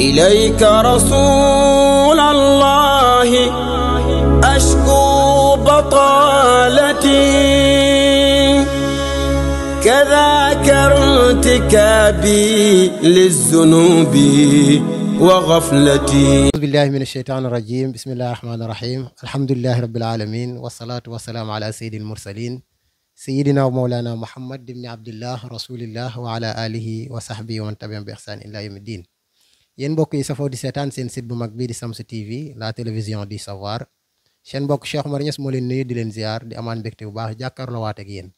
إليك رسول الله أشكو بطالتي كرتك بي للذنوب وغفلتي أعوذ بالله من الشيطان الرجيم بسم الله الرحمن الرحيم الحمد لله رب العالمين والصلاة والسلام على سيد المرسلين سيدنا ومولانا محمد بن عبد الله رسول الله وعلى آله وصحبه ومن تبعهم بإحسان إلى يوم الدين yéen mbokk yi safoo di seetaan seen site bu mag bii di Shamsu TV la télévision di savoir seen mbokk Cheikh Omar Niass moo leen nuyu di leen ziar di amaan mbégte bu baax jàkkaarloo waat ak yéen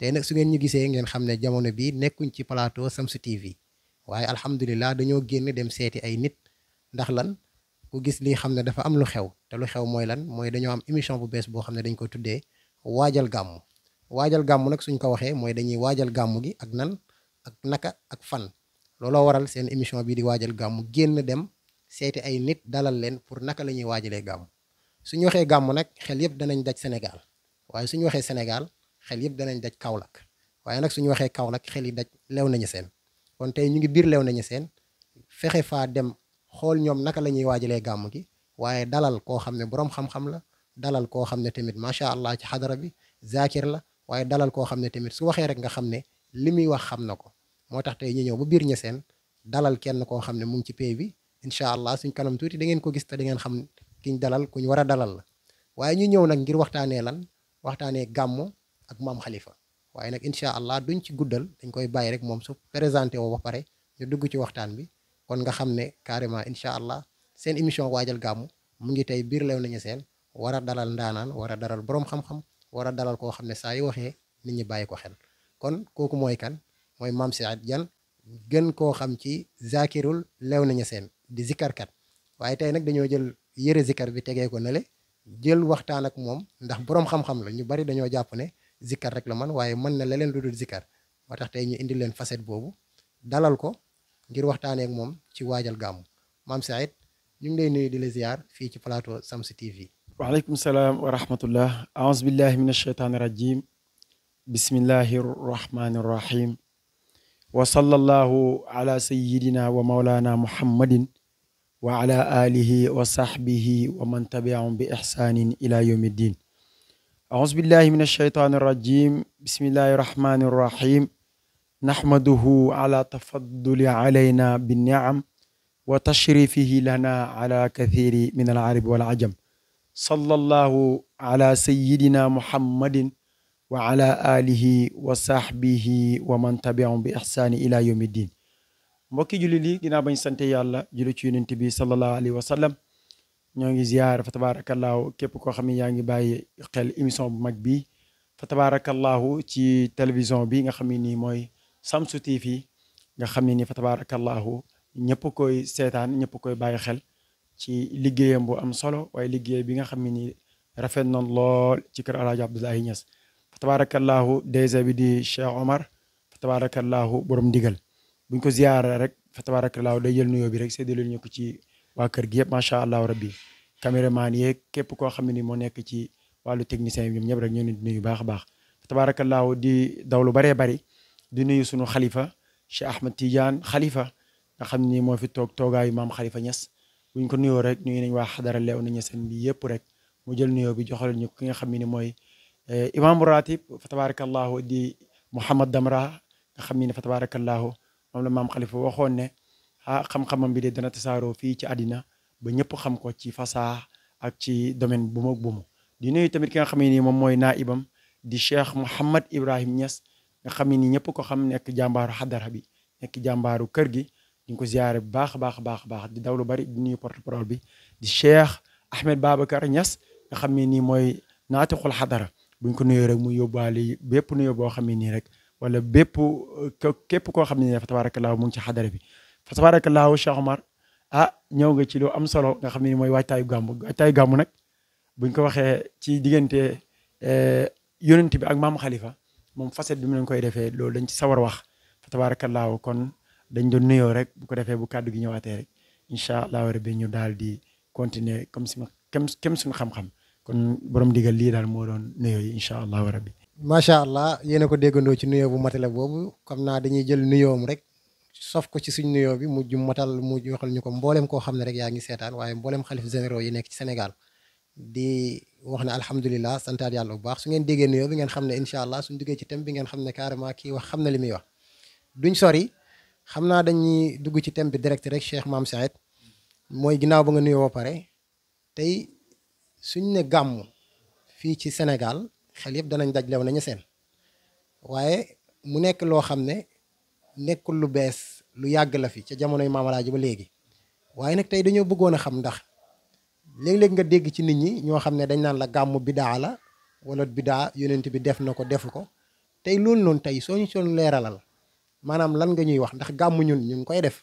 tey nag su ngeen ñu gisee ngeen xam ne jamono bii nekkuñ ci plateau Shamsu TV waaye alhamdulilah dañoo génn dem seeti ay nit ndax lan ku gis lii xam ne dafa am lu xew te lu xew mooy lan mooy dañoo am émission bu bees boo xam ne dañ ko tuddee waajal gàmmu waajal gàmmu nag suñ ko waxee mooy dañuy waajal gàmmu gi ak nan ak naka ak fan lolo waral seen émission bi di waajal gam génn dem seeti ay nit dalal len pour naka lañuy ñuy gam suñu waxé gam nak xel yëpp danañ daj Sénégal waye suñu waxé Sénégal xel yëpp danañ daj Kaolack waye nak suñu waxé Kaolack xel yi daj lew nañu seen kon tay ñu ngi bir lew nañu seen fexe fa dem xol ñom naka lañuy ñuy gam gi waye dalal ko xamné borom xam-xam la dalal ko xamné ne ma sha allah ci hadra bi zakir la waye dalal ko xamné ne tamit su waxé rek nga xamné limi wax xamnako moo tax tey ñu ñëw ba biir ñeseen dalal kenn koo xam ne mu ngi ci pay bi incha allah suñ kanam tuuti da ngeen ko gis te da ngeen xam kiñ dalal kuñ war a dalal la waaye ñu ñëw nag ngir waxtaanee lan waxtaanee gàmmu ak maam xalifa waaye nag incha allah duñ ci guddal dañ koy bàyyi rek moom su présenté woo ba pare ñu dugg ci waxtaan bi kon nga xam ne carrément incha allah seen émission waajal gàmmu mu ngi tey biir lew nañu seen war a dalal ndaanaan war a dalal boroom xam-xam war a dalal koo xam ne saa yu waxee nit ñi bàyyi ko xel kon kooku mooy kan mooy maam si Diagne gën koo xam ci zakirul lew nañu seen di zikarkat waaye tey nag dañoo jël yëre zikar bi tegee ko le jël waxtaan ak moom ndax boroom xam-xam la ñu bari dañoo jàpp ne zikar rek la man waaye mën na leneen lu dul zikar moo tax tey ñu indi leen facette boobu dalal ko ngir waxtaanee moom ci waajal gàmmu maam Saïd ñu ngi lay nuyu di la ziar fii ci plateau Shamsu TV. waaleykum salaam wa rahmatullah aouzu billahi min alcheytaani rajim bismillahi وصلى الله على سيدنا ومولانا محمد وعلى آله وصحبه ومن تبعهم بإحسان إلى يوم الدين أعوذ بالله من الشيطان الرجيم بسم الله الرحمن الرحيم نحمده على تفضل علينا بالنعم وتشريفه لنا على كثير من العرب والعجم صلى الله على سيدنا محمد وعلى آله وصحبه ومن تبعهم بإحسان إلى يوم الدين مكي جللي جنا بني سنتي يالا جلو تي نتي صلى الله عليه وسلم نيغي زيار فتبارك الله كيب كو خامي ياغي باي خيل ايميسون ماك بي فتبارك الله تي تلفزيون بي nga xamni ni moy samsu tv nga xamni ni فتبارك الله ñepp koy sétane ñepp koy baye xel ci liggéeyam bu am solo way liggéey bi nga xamni ni rafet non lol ci kër Alhaji Abdoulaye tabaarakallaahu DG bi di Cheikh Omar fa tabaarakallaahu borom ndigal bu ñu ko ziyaara rek fa tabaarakallaahu day jël nuyoo bi rek séddale ñu ko ci waa kër gi yëpp macha allah rabbi caméraman yeeg képp koo xam ne ni moo nekk ci wàllu technicien yi ñoom ñëpp rek ñu ngi nuyu baax a baax fa tabaarakallaahu di daw lu baree bari di nuyu sunu xalifa Cheikh Ahmed Tidiane xalifa nga xam ni moo fi toog toogaayu maam xalifa Niass bu ñu ko nuyoo rek nuyu nañ waa xadara leew na Niassène bi yëpp rek mu jël nuyoo bi joxal ñu ki nga xam ne ni mooy imaamu ratib fa tabarakallahu di Mouhamad Damra nga xam ne fa tabarakallahu moom la maam Khalifa waxoon ne ah xam-xamam bi de dana tasaaroo fii ci àddina ba ñëpp xam ko ci fasaa ak ci domaine bu mu bu mu di nuyu tamit ki nga xam ne nii moom mooy naibam di Cheikh Mouhamad Ibrahim Niass nga xam ne nii ñëpp ko xam nekk jàmbaaru xadara bi nekk jàmbaaru kër gi di ko ziare bu baax a baax baax baax di daw lu bari di nuyu porte parole bi di Cheikh Ahmed Babacar Niass nga xam ne nii mooy naatiqul xadara buñ ko nuyoo rek mu yóbbaale bépp nuyoo boo xam ne nii rek wala bépp képp koo xam ne ta fa tabaarakallaahu mu ngi ci xadara bi fa tabaarakallaahu Cheikh Omar ah ñëw nga ci lu am solo nga xam ne mooy waajtaayu gàmmu waajtaayu gàmmu nag buñ ko waxee ci diggante eh, yonent bi ak maam Khalifa moom facette bi mu leen koy defee loolu dañ ci sawar wax fa laaw kon dañ doon nuyoo rek bu ko defee bu kàddu gi ñëwaatee rek incha allah rabbi ñu daal di continuer comme si kem suñu xam-xam kon borom digal lii daal moo doon nuyoo yi incha allahu rabbi macha allah yéen ko déggandoo ci nuyoo bu matale boobu xam naa dañuy jël nuyoom rek sof ko ci suñ nuyoo bi mujj matal mujj waxal ñu ko mboolem koo xam ne rek yaa ngi seetaan waaye mboolem xalif généraux yi nekk ci Sénégal di wax ne alhamdulilah santaat yàlla bu baax su ngeen déggee nuyoo bi ngeen xam ne incha allah suñ duggee ci thème bi ngeen xam ne carrément kii wax xam na li duñ sori xam naa dañuy dugg ci thème bi direct rek Cheikh Mame Sahed mooy ginnaaw ba nga nuyoo ba pare tey suñ ne gàmmu fii ci Sénégal xel yëpp danañ daj lew nañu seen waaye mu nekk loo xam ne nekkul lu bees lu yàgg la fi ca jamonoy maamalaaji ba léegi waaye nag tey dañoo bëggoon a xam ndax léeg-léeg nga dégg ci nit ñi ñoo xam ne dañ naan la gàmmu bidaa la wala bidaa yonent bi def na ko defu ko tey loolu noonu tey soo ñu soon leeralal maanaam lan nga ñuy wax ndax gàmmu ñu ngi koy def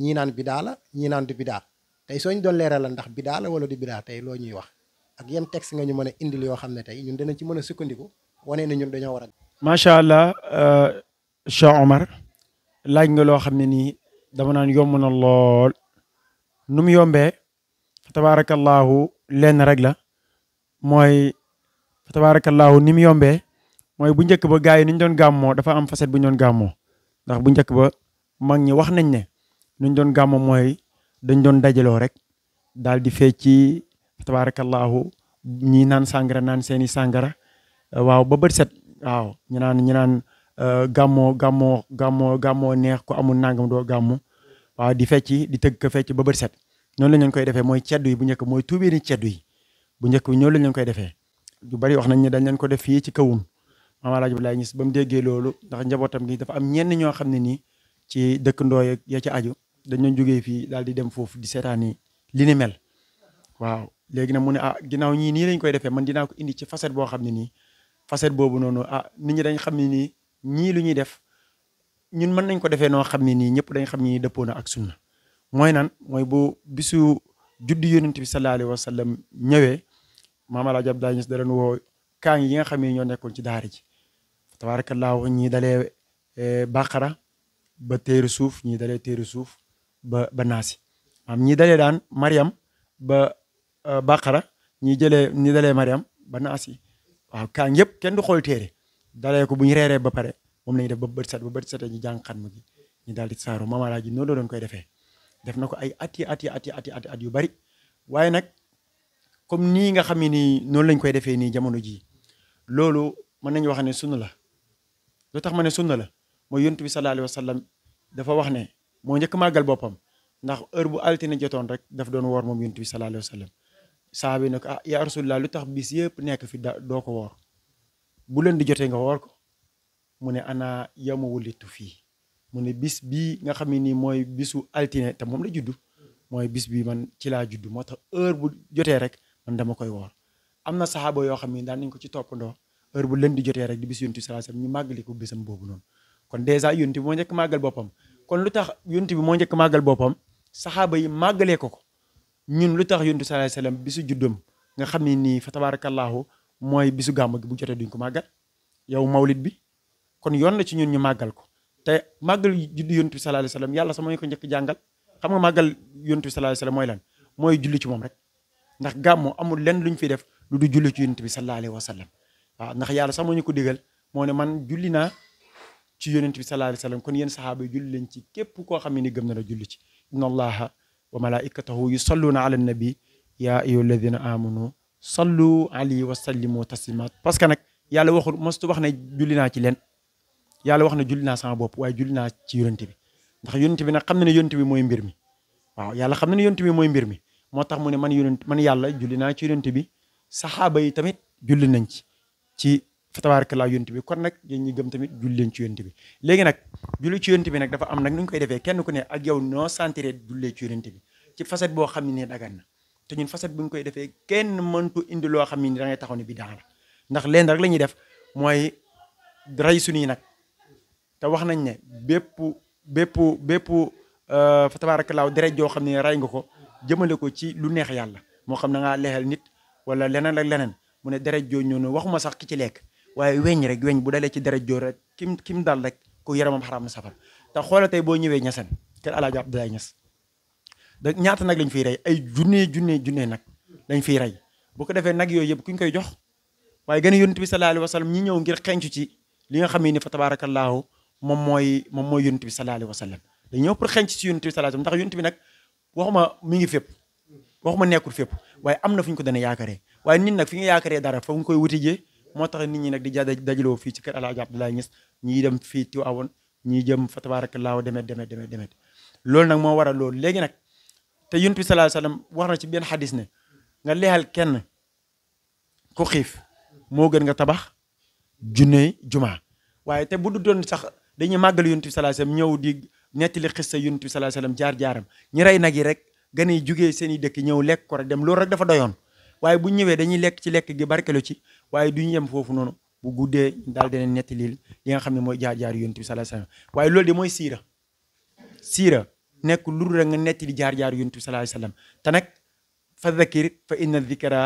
ñii naan bidaa la ñii naan du bidaa tey soo doon leeralal ndax bidaa la wala du bidaa tey loo ñuy wax ak yan texte nga ñu mën a indil yoo xam ne tey ñun dinañ mën a wane ne ñun dañoo war a. allah euh, Cheikh Omar laaj nga loo xam ne nii dama naan yomb na lool nu mu yombee tabaarakallahu lenn rek la mooy tabaarakallahu ni mu yombee mooy bu njëkk ba gars yi ni ñu doon gàmmoo dafa am facette bu ñu doon gàmmoo ndax bu njëkk ba mag ñi wax nañ ne nu ñu doon gàmmoo mooy dañ doon dajaloo rek daal di fecci tabaarakallaahu ñi naan sàngara naan seeni sàngara euh, waaw ba bët set waaw ñu naan ñu naan euh, gàmmoo gàmmoo gàmmoo gàmmoo neex ko amul nangam doo gàmmu waaw di fecci di tëgg ko fecc ba bët set noonu la ñu koy defee mooy ceddu yi bu njëkk mooy tuubee ni ceddu yi bu njëkk la ñu koy defee lu bari wax nañ ne dañ leen ko def fii ci kawum maama laaj Abdoulaye Niass ba mu déggee loolu ndax njabootam gi dafa am ñenn ñoo xam ne nii ci dëkkandoo ya ci aju dañu jógee fii daal di dem foofu di seetaani li ni mel waaw léegi nag mu ne ah ginnaaw ñii nii lañ koy defee man dina ko indi ci facette boo xam ne nii facette boobu noonu a ah, nit ñi dañ xam ne nii ñii lu ñuy def ñun mën nañ ko defee noo xam ne nii ñëpp dañ xam ni dëppoo na ak sunna mooy nan mooy bu bisu juddu yonent bi sallallahu alayhi wa sallam ñëwee maam Alaaji Abdoulaye Niass dara nu woo kaa yi nga xam ne ñoo nekkoon ci daara ji tabaarakallaahu ñii dalee eh, bàqara ba téeru suuf ñii dalee téeru suuf ba ba naasi maam ñii daan Mariam Euh, baqara ñi jëlee ñi dalee mariam ba naas yi waaw kaa yëpp kenn du xool téere dalee ko bu ñu reeree ba pare moom la ñuy def ba bët set ba bët setee ñu jàng xatma gi ñu daal di saaro maman laa ji noonu la doon koy defee def na ko ay at yi at yi at yi at yi at yu bari waaye nag comme nii nga xam ne nii noonu lañ koy defee nii jamono jii loolu mën nañu wax ne sunna la lu tax ma ne sunna la mooy yontu bi sallallahu alayhi wa sallam dafa wax ne moo njëkk màggal boppam ndax heure bu altine jotoon rek daf doon woor moom yontu bi sallallahu alayhi wa sallam saaba yi ne ko ah yaa rasulullah lu tax bis yëpp nekk fi da doo ko woor bu leen di jotee nga woor ko mu ne ana yamu wullitu fii mu ne bis bii nga xam ne nii mooy bisu altine te moom la juddu mooy bis bi man ci laa juddu moo tax heure bu jotee rek man dama koy woor am na saxaaba yoo xam ne daan nañ ko ci toppandoo heure bu leen di jotee rek di bis yonti sallallahu ñu màggali ko bésam boobu noonu kon dèjà yonti moo njëkk màggal boppam kon lu tax yonti bi moo njëkk màggal boppam saxaaba yi màggalee ko ko ñun lu tax yonent sallallahu alayhi wasallam bisu juddum nga xam ne nii fa tabaarakallaahu mooy bisu gàmm gi bu jotee duñ ko màggal yow mawlid bi kon yoon la ci ñun ñu màggal ko te màggal juddu yonent bi sallallahu alayhi yàlla sama ñu ko njëkk jàngal xam nga màggal yonent bi sallallahu mooy lan mooy julli ci moom rek ndax gàmmu amul lenn lu ñu fi def lu du julli ci yonent bi sallallahu alayhi wasallam waaw ndax yàlla sama ñu ko digal moo ne man julli naa ci yonent bi sallallahu alayhi kon yéen sahaaba yi julli leen ci képp koo xam ne ni gëm na la julli ci inna وملائكته يصلون على النبي يا ايها الذين امنوا صلوا عليه وسلموا تسليما باسكو نك يالا واخو مستو واخنا جولينا سي لين يالا واخنا جولينا سان بوب واي جولينا سي يونتي بي داخ يونتي بي نا خامنا يونتي بي موي مبير مي واو يالا خامنا يونتي بي موي مبير مي موتاخ موني من يونتي من يالا جولينا سي يونتي بي صحابه يي تاميت جولي نانتي سي fa tabaarakallaa yonent bi kon nag yéen ñi gëm tamit julli leen ci yoon bi léegi nag julli ci yonent bi nag dafa am nag nu ñu koy defee kenn ku ne ak yow noo sentir jullee ci yonent bi ci facette boo xam ne ne dagan na te ñun facette bu ñu koy defee kenn mëntu indi loo xam ne da ngay taxaw bi daan ndax leen rek la ñuy def mooy rey suñuy nag te wax nañ ne bépp bépp bépp euh, fa tabaarakallaa deret joo xam ne rey nga ko jëmale ko ci lu neex yàlla moo xam na ngaa leexal nit wala leneen ak leneen mu ne deret joo ñëw ne waxuma sax ki ci lekk waaye weñ rek weñ bu dalee ci deret joor rek kim kim dal rek ku yaramam xaraam na safar te xoola tey boo ñëwee ñasen kër alaaji Abdoulaye Ñas da ñaata nag lañ fiy rey ay junnee junnee junnee nag lañ fiy rey bu ko defee nag yooyu yëpp kuñ koy jox waaye gën a yonent bi sallallahu alayhi wa sallam ñi ñëw ngir xencu ci li nga xam ne ni fa tabaarakallaahu moom mooy moom mooy yonent bi sallallahu alayhi wa sallam dañ ñëw pour xencu ci yonent bi sallallahu ndax yonent bi nag waxuma mi ngi fépp waxuma nekkul fépp waaye am na fu ñu ko dana yaakaaree waaye nit nag fi nga yaakaaree dara fa nga koy wuti jee moo tax nit ñi nag di ja dajaloo fii ci kër Alaaji Abdoulaye Niass ñii dem fii Tiwaawoon ñii jëm fa tabaarakallaahu demet demet demet demet loolu nag moo wara lool léegi nag te Yonent bi sallallaahu alayhi wax na ci benn xadis ne nga leexal kenn ku xiif moo gën nga tabax junne jumaa waaye te bu du doon sax dañuy màggal Yonent bi sallallaahu alayhi ñëw di nettali xissa Yonent bi sallallaahu alayhi jaar-jaaram ñi rey nag yi rek gën a jugee seen i dëkk ñëw lekk ko rek dem loolu rek dafa doyoon waaye bu ñëwee dañuy lekk ci lekk gi barkelu ci waye du ñem fofu noonu bu guddé dal dina netti lil li nga xamni moy jaar-jaar yonent bi sallallahu alayhi wasallam waye lool de moy sira sira nek lu rek nga netti li jaar-jaar yonent bi sallallahu alayhi wasallam ta nak fa dhakir fa inna zikra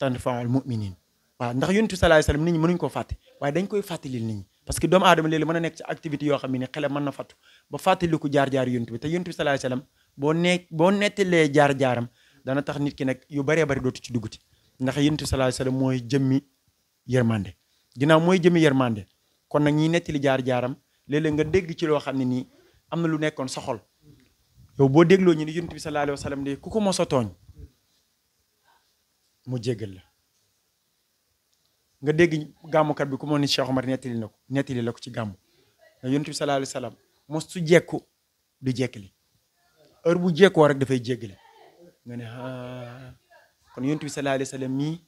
tanfaul muminin wa ndax yonent bi sallallahu alayhi wasallam nit ñi mënuñ ko faté waye dañ koy faté lil nit ñi parce que doom adam leeg mëna nek ci activité yo xamni xélé mëna fatu ba faté ba fàttaliku jaar-jaar yonent bi ta yonent bi sallallahu alayhi wasallam bo nek bo netti le jaar-jaaram dana tax nit ki nak yu bari bari dootu ci duguti ndax yonent bi sallallahu alayhi wa sallam mooy jëmmi yermande ginnaaw mooy jëmmi yermande kon nag ñiy nettali jaar-jaaram léeg nga dégg ci loo xam ne nii am na lu nekkoon sa yow boo dégloo ñu ni yonent bi sallallahu ku ko mos a tooñ mu jéggal la nga dégg gàmmukat bi ku moo ni Cheikh Omar nettali na ko nettali la ko ci gàmmu na yonent bi sallallahu alayhi wa sallam mos su jekku du jekkali heure bu jekkoo rek dafay jéggale nga ne ah kon yonent bi sallallahu alayhi mii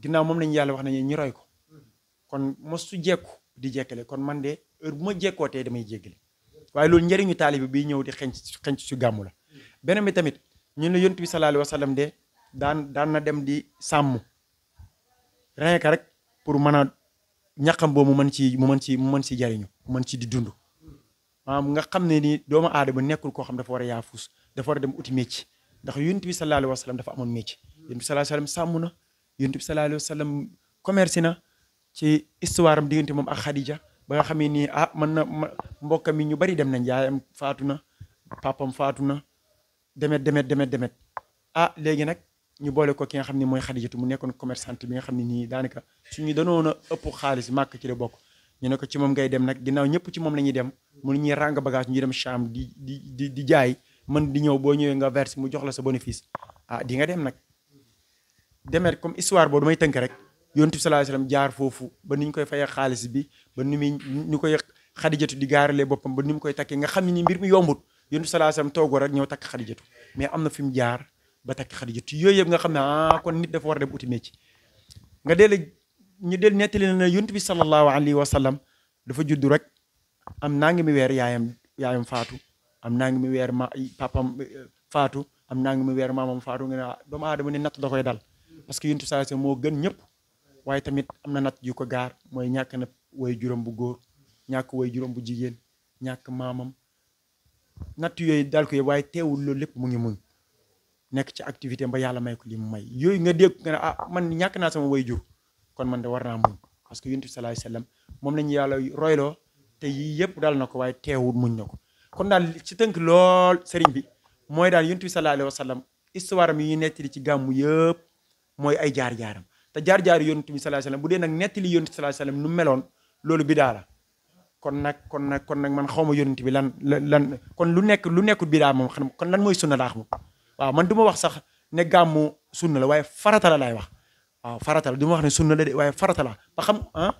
ginnaaw moom lañu yàlla wax nañu ñi ko kon mosu jekku di jekkale kon man de heure bu ma jekkootee damay jéggale waaye loolu njëriñu taalibi bi ñëw di xenc xenc su gàmmu la beneen bi tamit ñun la yonent bi sallallahu alayhi wa sallam de daan daan na dem di sàmm rien rek pour mën a ñaqam boobu mu mën ci mu mën ci mën ci jariñu mu mën ci di dund maanaam nga xam ne nii doomu aada aadama nekkul koo xam dafa war a yaafus dafa war a dem uti mécc ndax yonent bi sallallahu alayhi wa sallam dafa amoon métier yonent bi sallallahu alayhi wa sallam na commerce na ci histoire am diggante moom ak Khadija ba nga xamee nii ah mën na mbokkam mi ñu bari dem nañ njaayam faatu na papam faatu na demet demet demet demet ah léegi nag ñu boole ko ki nga xam ni mooy Khadijatu mu nekkoon commerçante bi nga xam ne nii daanaka suñu danoon a ëpp xaalis màkk ci la bokk ñu ne ko ci moom ngay dem nag ginnaaw ñëpp ci moom la ñuy dem mu ñuy ràng bagage ñu dem Cham di di di di jaay man di ñëw boo ñëwee nga verse mu jox la sa bénéfice ah dinga dem nag demeet comme histoire boobu may tënk rek yontu bi sallallahu alayhi wasallam jaar foofu ba ni ñu koy fayee xaalis bi ba ni muy ñu koy xadijatu di gaaralee boppam ba ni mu koy takkee nga xam ne ni mbir mi yombut yonent bi sallallahu rek ñëw takk xadijatu mais am na fi mu jaar ba takk xadijatu yooyu yëpp nga xam ne ah kon nit dafa war a dem uti nga deel ñu del nettali na ne yonent bi sallallahu alayhi wasallam dafa judd rek am naa ngi mi weer yaayam yaayam faatu am naa ngi mu weer ma papam faatu am naa mu weer maamam faatu nga ne ah, doomu aadama ne natt da koy dal parce que yuntu saa moo gën ñëpp waaye tamit am na natt yu ko gaar mooy ñàkk na way juróom bu góor ñàkk way juróom bu jigéen ñàkk maamam natt yooyu dal ko yëpp waaye teewul loolu lépp mu ngi muñ nekk ci activité ba yàlla may ko li mu may yooyu nga dégg nga ne ah man ñàkk naa sama way jur kon man de war naa muñ parce que yun yuntu salaay sallam moom lañu yàlla royloo te yii yëpp dal na ko waaye teewul muñ na ko kon daal ci tënk lool sëriñ bi mooy daal yonent bi sallallahu alayhi wa sallam histoire am ci gàmmu yëpp mooy ay jaar-jaaram te jaar-jaar yonent bi sallallahu alayhi bu dee nag nettali yonent bi sallallahu alayhi meloon loolu bidaa la kon nag kon nag kon nag man xaw ma yonent bi lan lan kon lu nekk lu nekkul bidaa moom xam kon lan mooy sunna laax moom waaw man du ma wax sax ne gàmmu sunna la waaye farata la wax waaw farata la wax ne sunna la de waaye ba xam ah?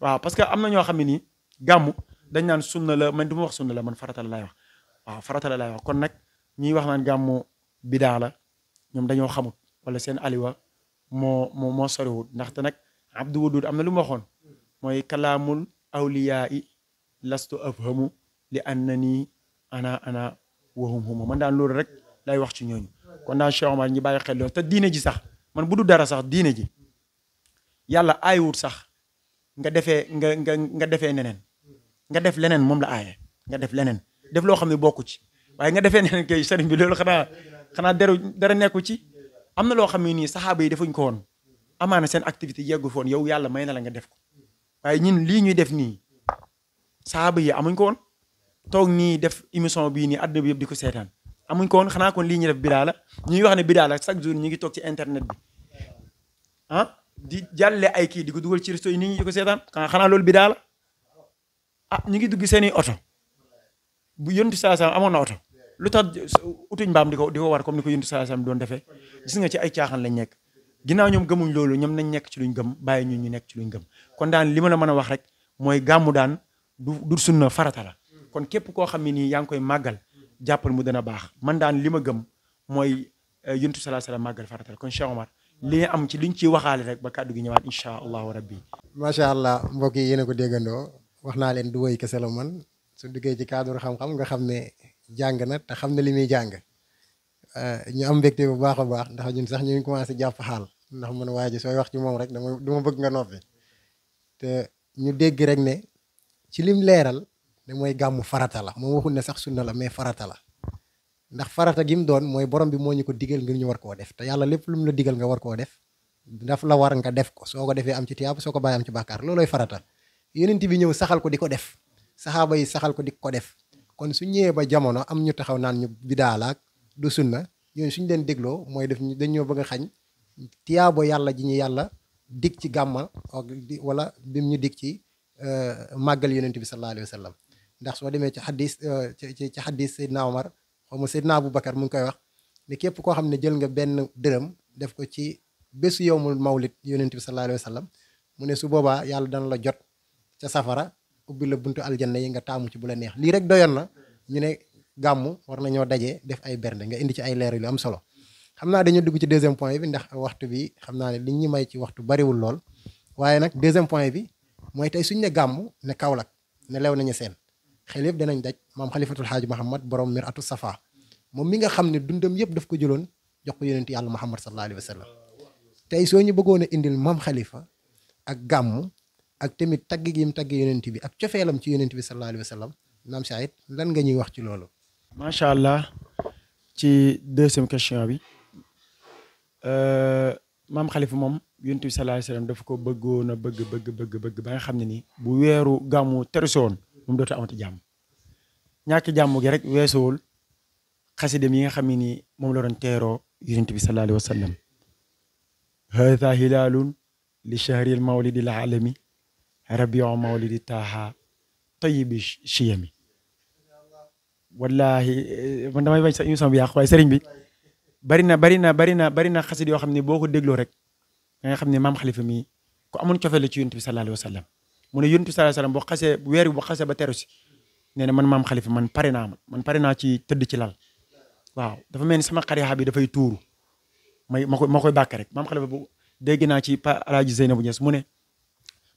waaw parce que am na ñoo xam ne nii gàmmu dañ naan sunna la man du ma wax sunna la man farata la laay wax waaw farata la laay wax kon nag ñiy wax naan gàmmu bidaa la ñoom dañoo xamut wala seen aliwa moo moo moo soriwut ndaxte nag Abdou Wadoud am na lu ma waxoon mooy kalaamul awliyaa yi lastu afhamu li annani ana ana wahum huma man daan loolu rek lay wax ci ñooñu kon daan Cheikh Omar ñi bàyyi xel loolu te diine ji sax man bu du dara sax diine ji yàlla aayuwut sax nga defe nga nga nga defee neneen nga def leneen moom la aaye nga def leneen def loo xam ne bokku ci waaye nga defee neneen kay sëriñ bi loolu xanaa xanaa deru dara nekku ci am na loo xam ne nii saxaaba yi defuñ ko woon amaana seen activité yeggu foon yow yàlla may na la nga def ko waaye ñun lii ñuy def nii saxaaba yi amuñ ko woon toog nii def émission bii nii àdduna bi yëpp di ko seetaan amuñ ko woon xanaa kon lii ñuy def bidaa la ñuy wax ne bidaa la chaque jour ñu ngi toog ci internet bi ah di jàlle ay kii di ko dugal ci resto yi ñi di ko seetaan xanaa loolu bidaa ah ñu ngi dugg seen i oto bu yontu saa sam amoon lu tax utuñ mbaam di ko di ko war comme ko yontu saa sam doon defee nga ci ay caaxaan lañ nekk ginnaaw ñoom gëmuñ loolu ñoom nañ nekk ci luñ gëm bàyyi ñu ñu nekk ci luñ gëm kon daan li ma la mën a wax rek mooy gàmmu daan du du sunna farata la kon képp koo xam ne nii yaa ngi koy màggal jàppal mu a baax man daan li ma gëm mooy eh, yontu salaa salaam màggal farata la kon Cheikh Omar li am ci liñ ciy waxaale rek ba kàddu gi ñëwaat incha allahu rabbi macha allah mbokk yi yéen ko déggandoo wax naa leen du woy kese la man su duggee ci cadre xam-xam nga xam ne jàng na te xam ne li muy jàng euh, ñu am mbégte bu baax a baax ndax ñun sax ñu ngi commencé jàpp xaal ndax man waa ji sooy wax ci moom rek dama du bëgg nga noppi ñu dégg rek ne ci lim leeral ne mooy gàmmu farata la moom waxul ne sax sunna la mais farata la ndax farata gi mu doon mooy borom bi moo ñu ko digal ngir ñu war koo def te yàlla lépp lu mu la digal nga war koo def daf la war nga def ko soo ko defee am ci tiyaab soo ko bàyyi am ci bàkkaar looloy farata yonent bi ñëw saxal ko di ko def saxaaba yi saxal ko di ko def kon su ñëwee ba jamono am ñu taxaw naan ñu bidaalaak du sunna ñooñu suñu deen dégloo mooy def dañoo bëgg a xañ tiyaabo yàlla ji ñu yàlla dig ci gàmma wala bim ñu dig ci euh, màggal yonent bi sallallahu alayhi wa sallam ndax soo demee ci xadis euh, ci ci xadis Seydina Omar xaw ma Seydina Aboubacar mu ngi koy wax ne képp koo xam ne jël nga benn dërëm def ko ci bésu yowmul mawlid yonent bi sallallahu alayhi wa sallam mu ne su boobaa yàlla dana la jot ca safara ubbi la buntu aljanna yi nga taamu ci bu la neex lii rek doyoon na ñu ne gàmmu war na nañoo daje def ay bernde nga indi ci ay leer am solo xam naa dañu dugg ci deuxième point bi ndax waxtu bi xam naa ne li ñu may ci waxtu bariwul lool waaye nag deuxième point bi mooy tey suñ ne gàmmu ne Kaolack ne lew nañu seen xel yëpp danañ daj maam xalifatul xaaji Muhammad borom mir atu safa moom mi nga xam ne dundam yëpp daf ko jëloon jox ko yonent yàlla Muhammad sallallahu alayhi wa sallam tey soo ñu bëggoon a indil maam xalifa ak gàmmu ak tamit tagg gi mu tagg yonent bi ak cofeelam ci yonent bi sallallahu alayhi wasallam nam naam Saïd lan nga ñuy wax ci lolu ma sha allah ci deuxième question bi euh mam Khalifa mom yonent bi sallallahu alayhi wasallam sallam dafa ko beggona a bëgg bëgg bëgg bëgg ba nga xamni ni bu wéru gamu terison woon moom amati jàmm ñàkk jàmm gi rek wessul xasidam mi nga xamni ni mom la doon tero yonent bi sallallahu alayhi wa sallam. haadha hilaalun li shahril mawlidil aalami ربيع مولد تاها طيب شيمي والله من إيه، ما يبغى يسوي سامي أخوي سرينبي برينا برينا برينا برينا خسر يا خمني بوه قد يقول رك يا يعني خمني ما مخلف مي كأمون كفل تيون تبي صلى الله عليه وسلم من يون تبي صلى الله عليه وسلم بقاسة وير بقاسة بترسي نحن من ما مخلف من برينا من برينا تي تدي تلال واو دفع مني سما كاري حبي دفع يطور ما ما كوي باكرك ما مخلف بو دعينا تي على جزء نبغي اسمه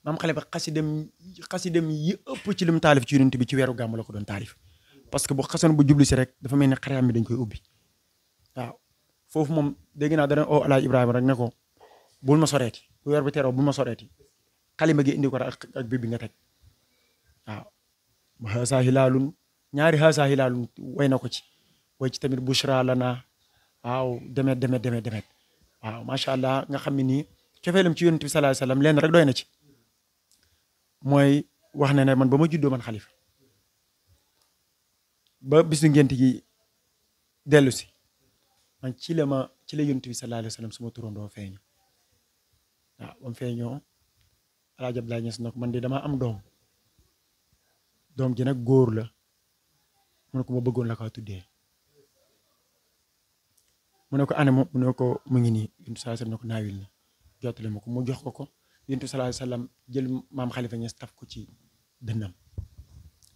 mam xale ba qasidam qasidam yi ëpp ci lim talif ci yonent bi ci wéru gàmm la ko doon talif parce que bu xassane bu jublu si rek dafa melni ni xaram bi dañ koy ubbi wa fofu mom dégg naa dana o ala ibrahim rek ne ko bul ma soreti bu wér bi téro bul ma soreeti xalima gi indi ko ak ak bi nga tek wa ma hasa hilalun ñaari hasa hilalun way na ko ci way ci tamit bushra lana aw demet demet demet demet wa ma sha allah nga xamni ci nii ci yonent bi sallallahu alayhi wasallam len rek doyna ci mooy wax ne ne man ba ma juddoo man xalifa ba bisu ngént gi dellu si man ci la ma ci la yonent bi sallallahu alayhi wa sallam suma turandoo feeñu waaw ba feeñoo Alaaji Abdoulaye Niass na ko man de damaa am doom doom ji nag góor la mu ne ko ma bëggoon la kaa tuddee mu ne ko ane mu ne ko mu ngi nii yonent sallallahu alayhi wa ne ko naawil ni jottali ma ko mu jox ko ko yonent bi sallallahu alayhi jël maam xalifa Niass taf ko ci dënnam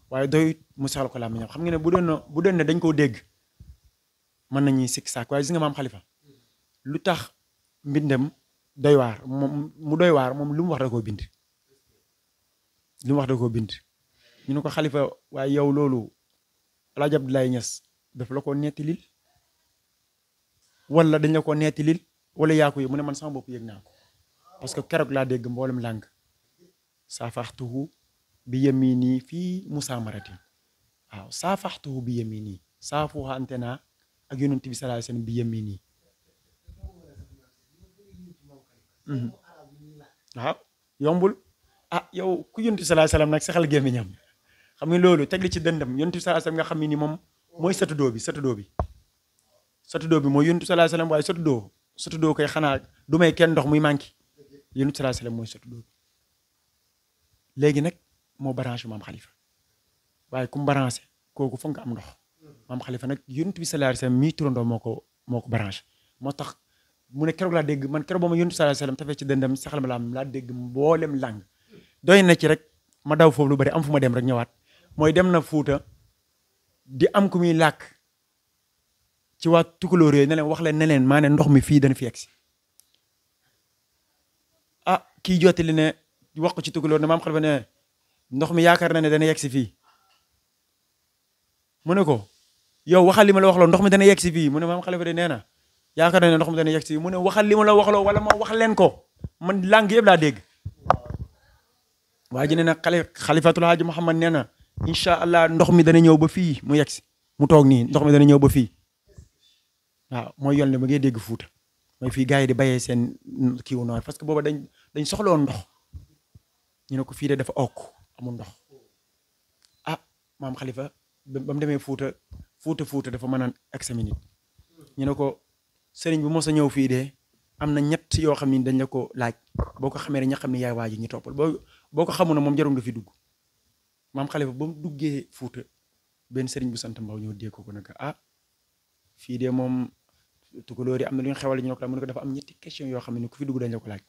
waaye doyut mu saxal ko làmmiñam xam nga ne bu doon bu doon ne dañ koo dégg mën nañuy sikk saak waaye gis nga maam Khalifa lu tax mbindam doy waar mu doy waar moom lu mu wax da koo bind li mu koo bind ñu ne ko xalifa waaye yow loolu El Hadj Abdoulaye Niass daf la ko nettilil wala dañ la ko nettilil wala yaa ko mu ne man sama bopp yëg naa ko parce que keroog laa dégg mboolem làng saafaxtuhu bi yamini fii musamarati waaw saafaxtuhu bi yamini saafuxante naa ak yonent bi sallallahu alayhi wa bi yamini mhm. waaw yombul ah yow ku yonent bi sallallahu alayhi wa sallam nag saxal gémmiñam xam nga loolu teg ci dëndam yonent bi ti alayhi wa nga xam ne ni moom mooy satudoo bi satudoo bi satudoo bi mooy yonent bi sallallahu alayhi wa sallam waaye satudoo satudoo koy xanaa du may kenn ndox muy manqué yéen it salaasalaam mooy sotti loolu léegi nag moo branché maam xalifa waaye ku mu kooku foog nga am ndox maam xalifa nag yonent bi sallallahu alayhi wasallam turandoo moo ko moo ko branché moo tax mu ne keroog laa dégg man keroog ba ma yonent bi sallallahu alayhi wasallam tafee ci dëndam saxal ma laa laa dégg mboolem làng doy na ci rek ma daw foof lu bari am fu ma dem rek ñëwaat mooy dem na fuuta di am ku muy làkk ci waa tukulóor yooyu ne wax leen ne leen maa ne ndox mi fii dana fi yegsi ah kii jottali ne wax ko ci tukulóor ne maam xalifa ne ndox mi yaakaar na ne dana yegg si fii mu ne ko yow waxal li ma la waxloo ndox mi dana yegg si fii mu ne maam xalifa de nee na yaakaar na ne ndox mi dana yegg si fii mu ne waxal li ma la wala ma wax leen ko man langue yëpp laa dégg ji nee na xali xalifatul haaji Muhammad nee na incha allah ndox mi dana ñëw ba fii mu yegg si mu toog nii ndox mi dana ñëw ba fii waaw mooy yoon ne ba ngay dégg fuuta mooy fii gars di béyee seen kiiwu parce que booba dañ soxla ndox ñu ne ko fii de dafa okk amul ndox a ah, maam xalifa ba mu demee fuuta fuuta fuuta dafa mën a examiner ñu ne ko sëriñ bu mos a ñëw fii de am na ñett yoo xam ni dañ la ko laaj boo ko xamee rek ña xam ne yaay waa ji ñu toppal boo boo ko xamu moom jarum nga fi dugg maam xalifa ba mu duggee fuuta benn sëriñ bu sant mbaw ñëw dee ko ko nag ah, a fii de moom tukulóor yi am na lu ñu xewal ñu ne ko la mu ne ko dafa am ñetti question yoo xam ne ku fi dugg dañ la ko laaj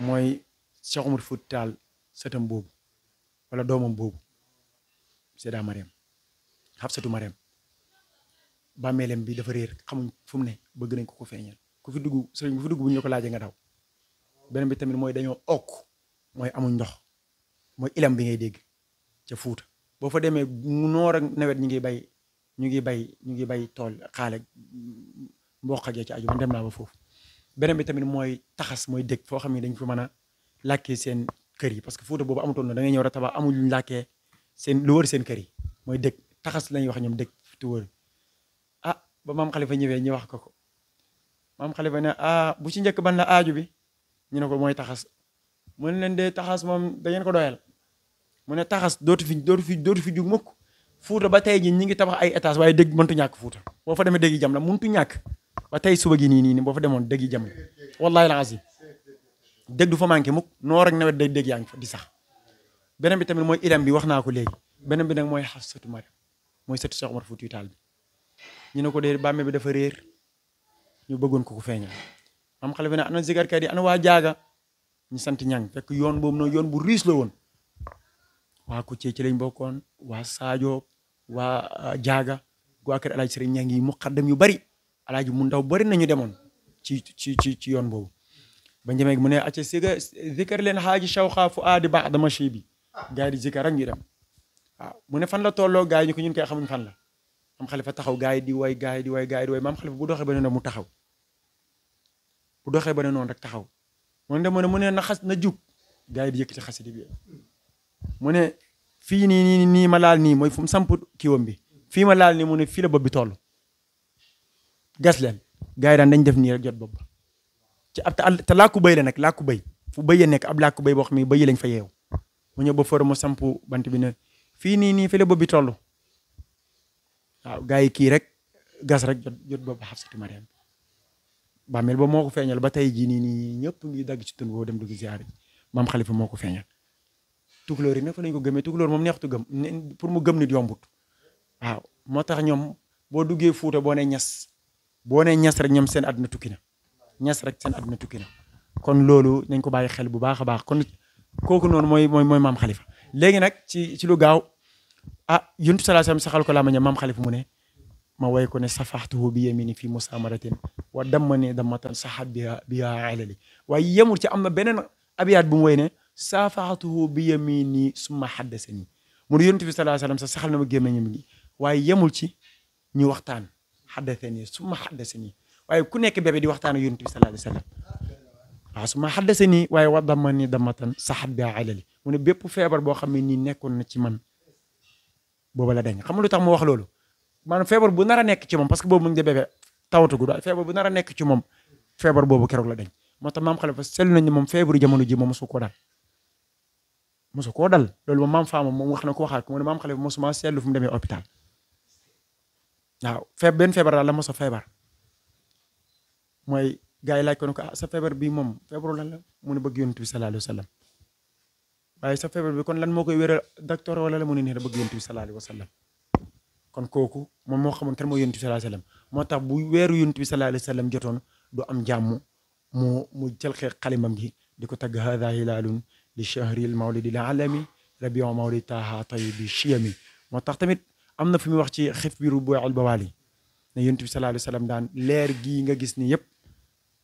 mooy Cheikh Oumar Foutiyou Tall sëtam boobu wala doomam boobu xam Mariam Hafsatu Mariam bàmmeelam bi dafa réer xamuñ fu mu ne bëgg nañ ko ko feeñal ku fi dugg sëriñ bu fi dugg bu ñu ko nga daw beneen bi tamit mooy dañoo okk mooy amuñ ndox mooy ilam bi ngay dégg ca Fuuta boo fa demee mu noor ak nawet ñu ngi bay ñu ngi bay ñu ngi bay tool xaale mboq ak ci aju man dem naa ba foofu beneen bi tamit mooy taxas mooy dëkk foo xam ne dañ fa mën a làkkee seen kër yi parce que Fuuta boobu amutoon na da ngay ñëw rek tabax amul luñ seen lu wër seen kër yi mooy dëkk taxas lañu wax ñoom dëkk tu wër ah ba maam Xalifa ñëwee ñu wax ko ko maam Xalifa ne ah bu ci njëkk ban la aaju bi ñu ne ko mooy taxas mu ne leen dee taxas moom da ngeen ko doyal mu ne taxas dootu fi dootu fi dootu fi jug mukk Fuuta ba tey ji ñi ngi tabax ay étage waaye dëgg mëntu ñàkk Fuuta boo fa demee dégg jam la mëntu ñàkk ba tey suba gi nii nii nii boo fa demoon dëgg yi jamono wallaahi la azim dëgg du fa manqué mukk noor ak nawet day dëgg yaa ngi di sax beneen bi tamit mooy iram bi wax naa ko léegi beneen bi nag mooy xas sëtu Mariam mooy sëtu Cheikh Omar bi ñu ne ko dee bàmme bi dafa réer ñu bëggoon ko ko feeñal am xale bi ne ana zikarkat yi ana waa jaaga ñu sant ñang fekk yoon boobu noonu yoon bu riis la woon waa Kucce ci lañ bokkoon waa Sadio waa jaaga waa kër El Hadj Serigne yu bari alaaji mu ndaw bari nañu demone ci ci ci ci yoon bobu ba njëmeeg mu ne acca sega zikr len xaaji shawkha fu aadi ba'd dama chi bi gars yi di zikar rek ñu dem wa mu ne fan la tolo gaay ñu ko ñun kay xamuñ fan la am khalifa taxaw gaay di way gaay di way gaay di way mam khalifa bu doxé ba ne mu taxaw bu doxé ba ne noonu rek taxaw mu ne mu ne mu ne na xass na juk gaay di yëkati xassidi bi mu ne fi ni ni ni ma laal nii mooy fu sampu kiwom bi fi ma laal nii mu ne fi la bobbi bi gas leen gars yi def nii rek jot bopp ci ab te làkku béy la nag làkku bay fu béyee nekk ab làkku béy boo xam bay béyi lañ fa yeew mu ba fër mu bant bi ne fii nii nii fi la bi toll waaw gars yi kii rek gas rek jot jot bopp Xafsatu Mariam ba moo ko feeñal ba tey jii nii nii ñëpp ngi dagg ci tund dem dugg ziar yi maam xalifa moo ko feeñal tukulóor yi nag fa lañ ko gëmee tukulóor moom neextu gëm pour mu gëm nit yombut waaw moo tax ñoom boo duggee fuuta boo ne ñas boo nee ñes rek ñoom seen aduna tukki na ñes rek seen aduna tukki na kon lolu nañ ko bàyyi xel bu baaxa baax kon koku non moy moy moy mam khalifa legi nak ci ci lu gaaw ah yunus sallallahu alayhi wasallam saxal ko la ma mam khalifa mu ne ma way ko ne safaxtuhu bi yemini fi musamaratin wa damani damatan sahab biha biha alali way yemul ci amna benen abiyat bu mu way ne safaxtuhu bi yemini summa xaddasani mu yunus sallallahu alayhi wasallam saxal na ma gémmiñam gi way yamul ci ñu waxtaan xaddasani su ma xaddasani waaye ku nekk bébé di waxtaan ak yonent bi sallallahu alayhi wa sallam waaw su ma xaddasani waaye wa dama ni damatan saxat bi alali mu ne bépp feebar boo xam ne nii nekkoon na ci man booba la dañ xam lu tax mu wax loolu maanaam feebar bu nar a nekk ci moom parce que boobu mu ngi de bébé tawatagul waaye feebar bu nar a nekk ci moom feebar boobu keroog la dañ moo tax maam Xalifa seetlu nañ ne moom feebaru jamono ji moom mosu koo dal mosu koo dal loolu moom maam Faama moom wax na ko waxaat ko mu ne maam Xalifa mosuma seetlu fu mu demee hôpital waaw feeb benn feebar daal la mos a feebar mooy gars yi laaj ko ne ko ah sa feebar bii moom feebaru lan la mu ne bëgg yonent bi sallallahu alayhi wa sallam waaye sa feebar bi kon lan moo koy wéral docteur wala la mu ne nii da bëgg yonent bi sallallahu alayhi wa sallam kon kooku moom moo xamoon kan mooy yonent bi sallallahu alayhi wa sallam moo tax bu weeru yonent bi sallallahu alayhi wa sallam jotoon du am jàmm mu mu jël xeex xalimam gi di ko tagg hada hilaalun li chahril mawlidi l alami rabiu mawlid taha tayibi chiyami moo tax tamit أنا في موقتي خف بربوع البوالي نيونتبي صلى الله عليه وسلم دان لير جينغا جسني يب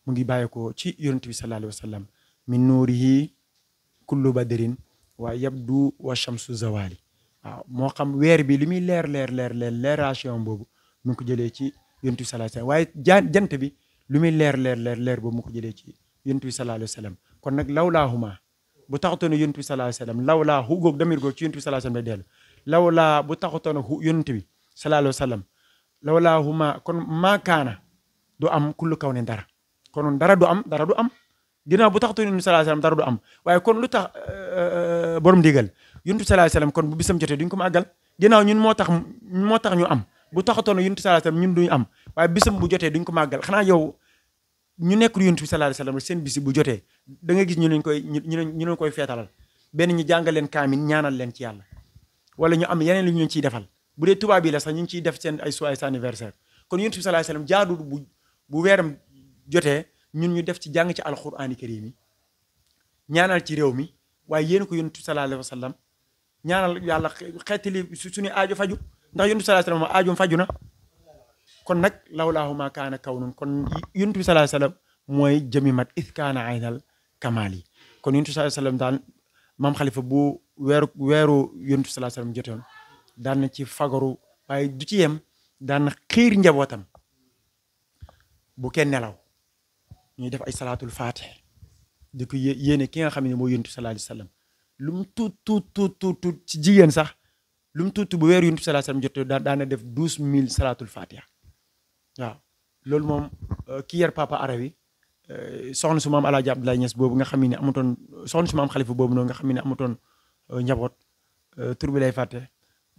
مغي بايكو تي يونتبي صلى الله عليه وسلم من نوره كل بدرين ويبدو وشمس زوالي موقم وير بي لمي لير لير لير لير لير راشيون بوبو نكو جيلي تي يونتبي صلى الله عليه وسلم واي جانت بي لمي لير لير لير لير بو مكو جيلي تي يونتبي صلى الله عليه وسلم كون نك لولاهما بو تاخت نو يونتبي لولا هوغوك دمير غو تي يونتبي صلى الله عليه lawlaa bu taxutoon ak yonent bi sallallahu alayhi wa sallam lawlaa huma kon maakaana du am kullu kaw ne dara kon dara du am dara du am ginnaaw bu taxutoon yonent bi sallallahu alayhi wa du am waaye kon lu tax euh, euh, borom digal yonent bi sallallahu alayhi wa kon bu bisam jotee duñ ko màggal ginnaaw ñun moo tax moo tax ñu am bu taxutoon yonent bi sallallahu alayhi ñun duñu am waaye bisam bu jotee duñ ko màggal xanaa yow ñu nekkul yonent bi sallallahu alayhi wa sallam seen bisi bu jotee danga nga gis ñu leen koy ñu leen ñu koy feetalal benn ñu jàngal leen kaamil ñaanal leen ci yàlla wala ñu am yeneen lu ñu ciy defal bu dee tubaab yi la sax ñu ngi ciy def seen ay soirée anniversaire kon yonent bi sallallahu alayhi wasallam jaadul bu bu weeram jotee ñun ñu def ci jàng ci alqurani karim yi ñaanal ci réew mi waaye yéen ko yonent bi sallallahu alayhi wasallam ñaanal yàlla xeetali suñu aajo faju ndax yonent bi sallallahu alayhi wasallam aajoom faju na kon nag lawlaahu ma kaana kawnun kon yonent bi sallallahu alayhi wasallam mooy jëmi mat is kaana aynal kamaal yi kon yonent bi sallallahu alayhi wasallam daal maam xalifa bu weeru weeru yontu salaa salaam jotoon daan ci fagaru waaye ju ci yem daan na xiir njabootam bu kenn nelaw ñuy def ay salaatul faatih di ko yéene ki nga xam ne mooy yontu salaa salaam lu mu tuut tuut ci jigéen sax lu mu tuut bu weeru yontu salaa salaam jotee daan def douze mille salaatul faatih waaw loolu moom euh, ki yar papa arabi Euh, soxna su maam Alaaji Abdoulaye Niass boobu nga xam ne amutoon soxna su maam xalifa boobu noonu nga xam ne amutoon euh, njaboot euh, tur bi lay fàtte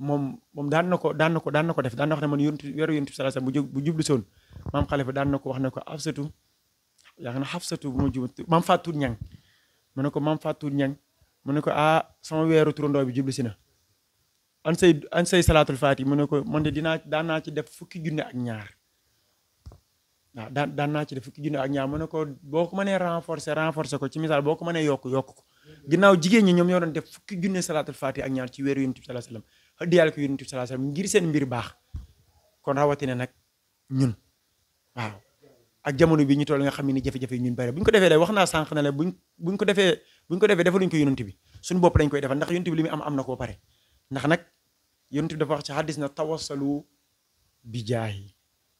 moom moom daan na ko daan na ko daan na ko def daan na wax ne man yontu weeru yontu sallallahu alayhi wasallam bu jublu soon maam xalifa daan na ko wax ne ko Afsatu yaa ngi Afsatu bu ma jub maam Fatou Niang mu ne ko maam Fatou Niang mu ne ko ah sama weeru turandoo bi jublu si na an say an say salaatul faati mu ne ko man de dinaa daan naa ci def fukki junne ak ñaar waaw daan naa ci def fukki junne ak ñaar mën na ko boo ko mënee renforcer renforcer ko ci misaal boo ko mënee yokk yokk ko ginnaaw jigéen ñi ñoom ñoo doon def fukki junne salaatul faati ak ñaar ci weeru yonent bi sallallahu alayhi wasallam hëddiyal ko yonent bi sallallahu seen mbir baax kon rawatina nag ñun waaw ak jamono bi ñu toll nga xam ne ni jafe-jafe ñun bëri bu ko defee wax naa sànq na la buñ ko defee ko defee defaluñ ko bi suñu bopp dañ koy defal ndax yonent bi li ko pare ndax nag yonent bi dafa wax ci hadis na tawassalu bi jaahi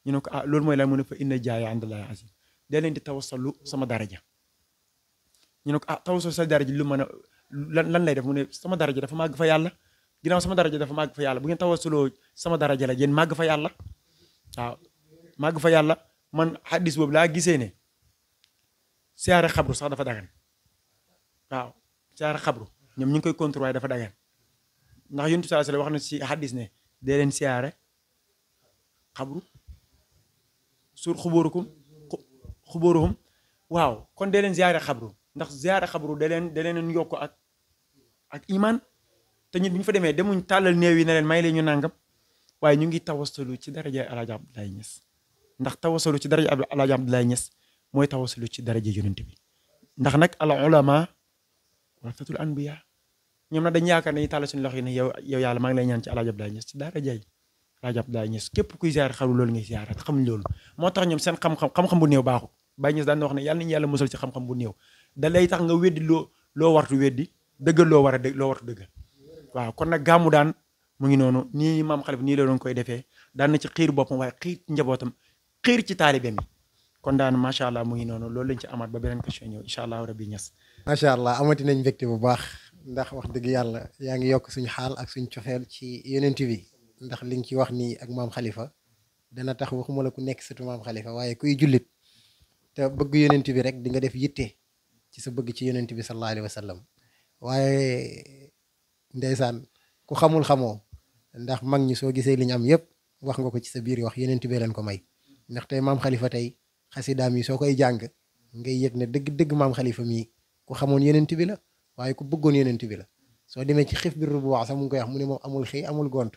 ñu ne ko ah loolu mooy jaya mu ne fa inna jaaya azim da leen di tawassalu sama daraja ñu ne ko ah tawassul sa daraja lu mën a lan lan lay def mu sama daraja dafa màgg fa yàlla ginnaaw sama daraja dafa màgg fa yàlla bu ngeen sama daraja la yéen màgg fa yàlla waaw màgg fa yàlla man hadis boobu laa gisee ne siyaare xabru sax dafa dagan waaw siyaare xabru ñoom ñu ngi koy contrôler dafa dagan ndax yontu saa wax na si xaddis ne dee leen siyaare xabru sur xuburukum xuburuhum waaw kon dee leen ziyaare xabru ndax ziyaare xabru da leen da leen ak ak iman te ñun bu ñu fa demee demuñ tàllal néew yi ne leen may leen ñu nàngam waaye ñu ngi tawasalu ci daraja Alaaji Abdoulaye Niass ndax tawasalu ci daraja Alaaji Abdoulaye Niass mooy tawasalu ci daraja yonent bi ndax nag al ulama warasatul anbiya ñoom nag dañu yaakaar dañuy tàllal suñu loxo yi ne yow yow yàlla maa ngi lay ñaan ci Alaaji Abdoulaye Niass yi Alaaji Abdoulaye Niass képp kuy ziar xaru loolu ngay moo tax ñoom seen xam-xam xam-xam bu néew baaxul Baye Niass daan na wax ne yàlla nañu da lay tax nga waaw kon nag gàmmu daan mu ngi noonu nii maam xalifa nii la doon koy defee daan na ci xiir boppam waaye xiir ci njabootam xiir ci taalibe mi kon daan macha allah mu ngi noonu loolu lañ ci amaat ba beneen question ñëw incha allah rabbi ñes macha allah amati nañ mbégte bu baax ndax wax dëgg yàlla yaa ngi yokk suñu xaal ak suñu cofeel ci yeneen ndax li nga ci wax nii ak maam xalifa dana tax waxuma la ku nekk surtout maam xalifa waaye kuy jullit te bëgg yonent bi rek di nga def yitte ci sa bëgg ci yonent bi sallallahu alayhi wa sallam waaye ndeysaan ku xamul xamoo ndax mag ñi soo gisee li ñu am yëpp wax nga ko ci sa biir wax yonent bi leen ko may ndax maam xalifa tey xasidaam yi soo koy jàng ngay yëg ne dëgg dëgg maam xalifa mii ku xamoon yonent bi la waaye ku bëggoon yonent bi la soo demee ci xif bi rubu wax sax mu ngi koy wax mu ne moom amul xëy amul gont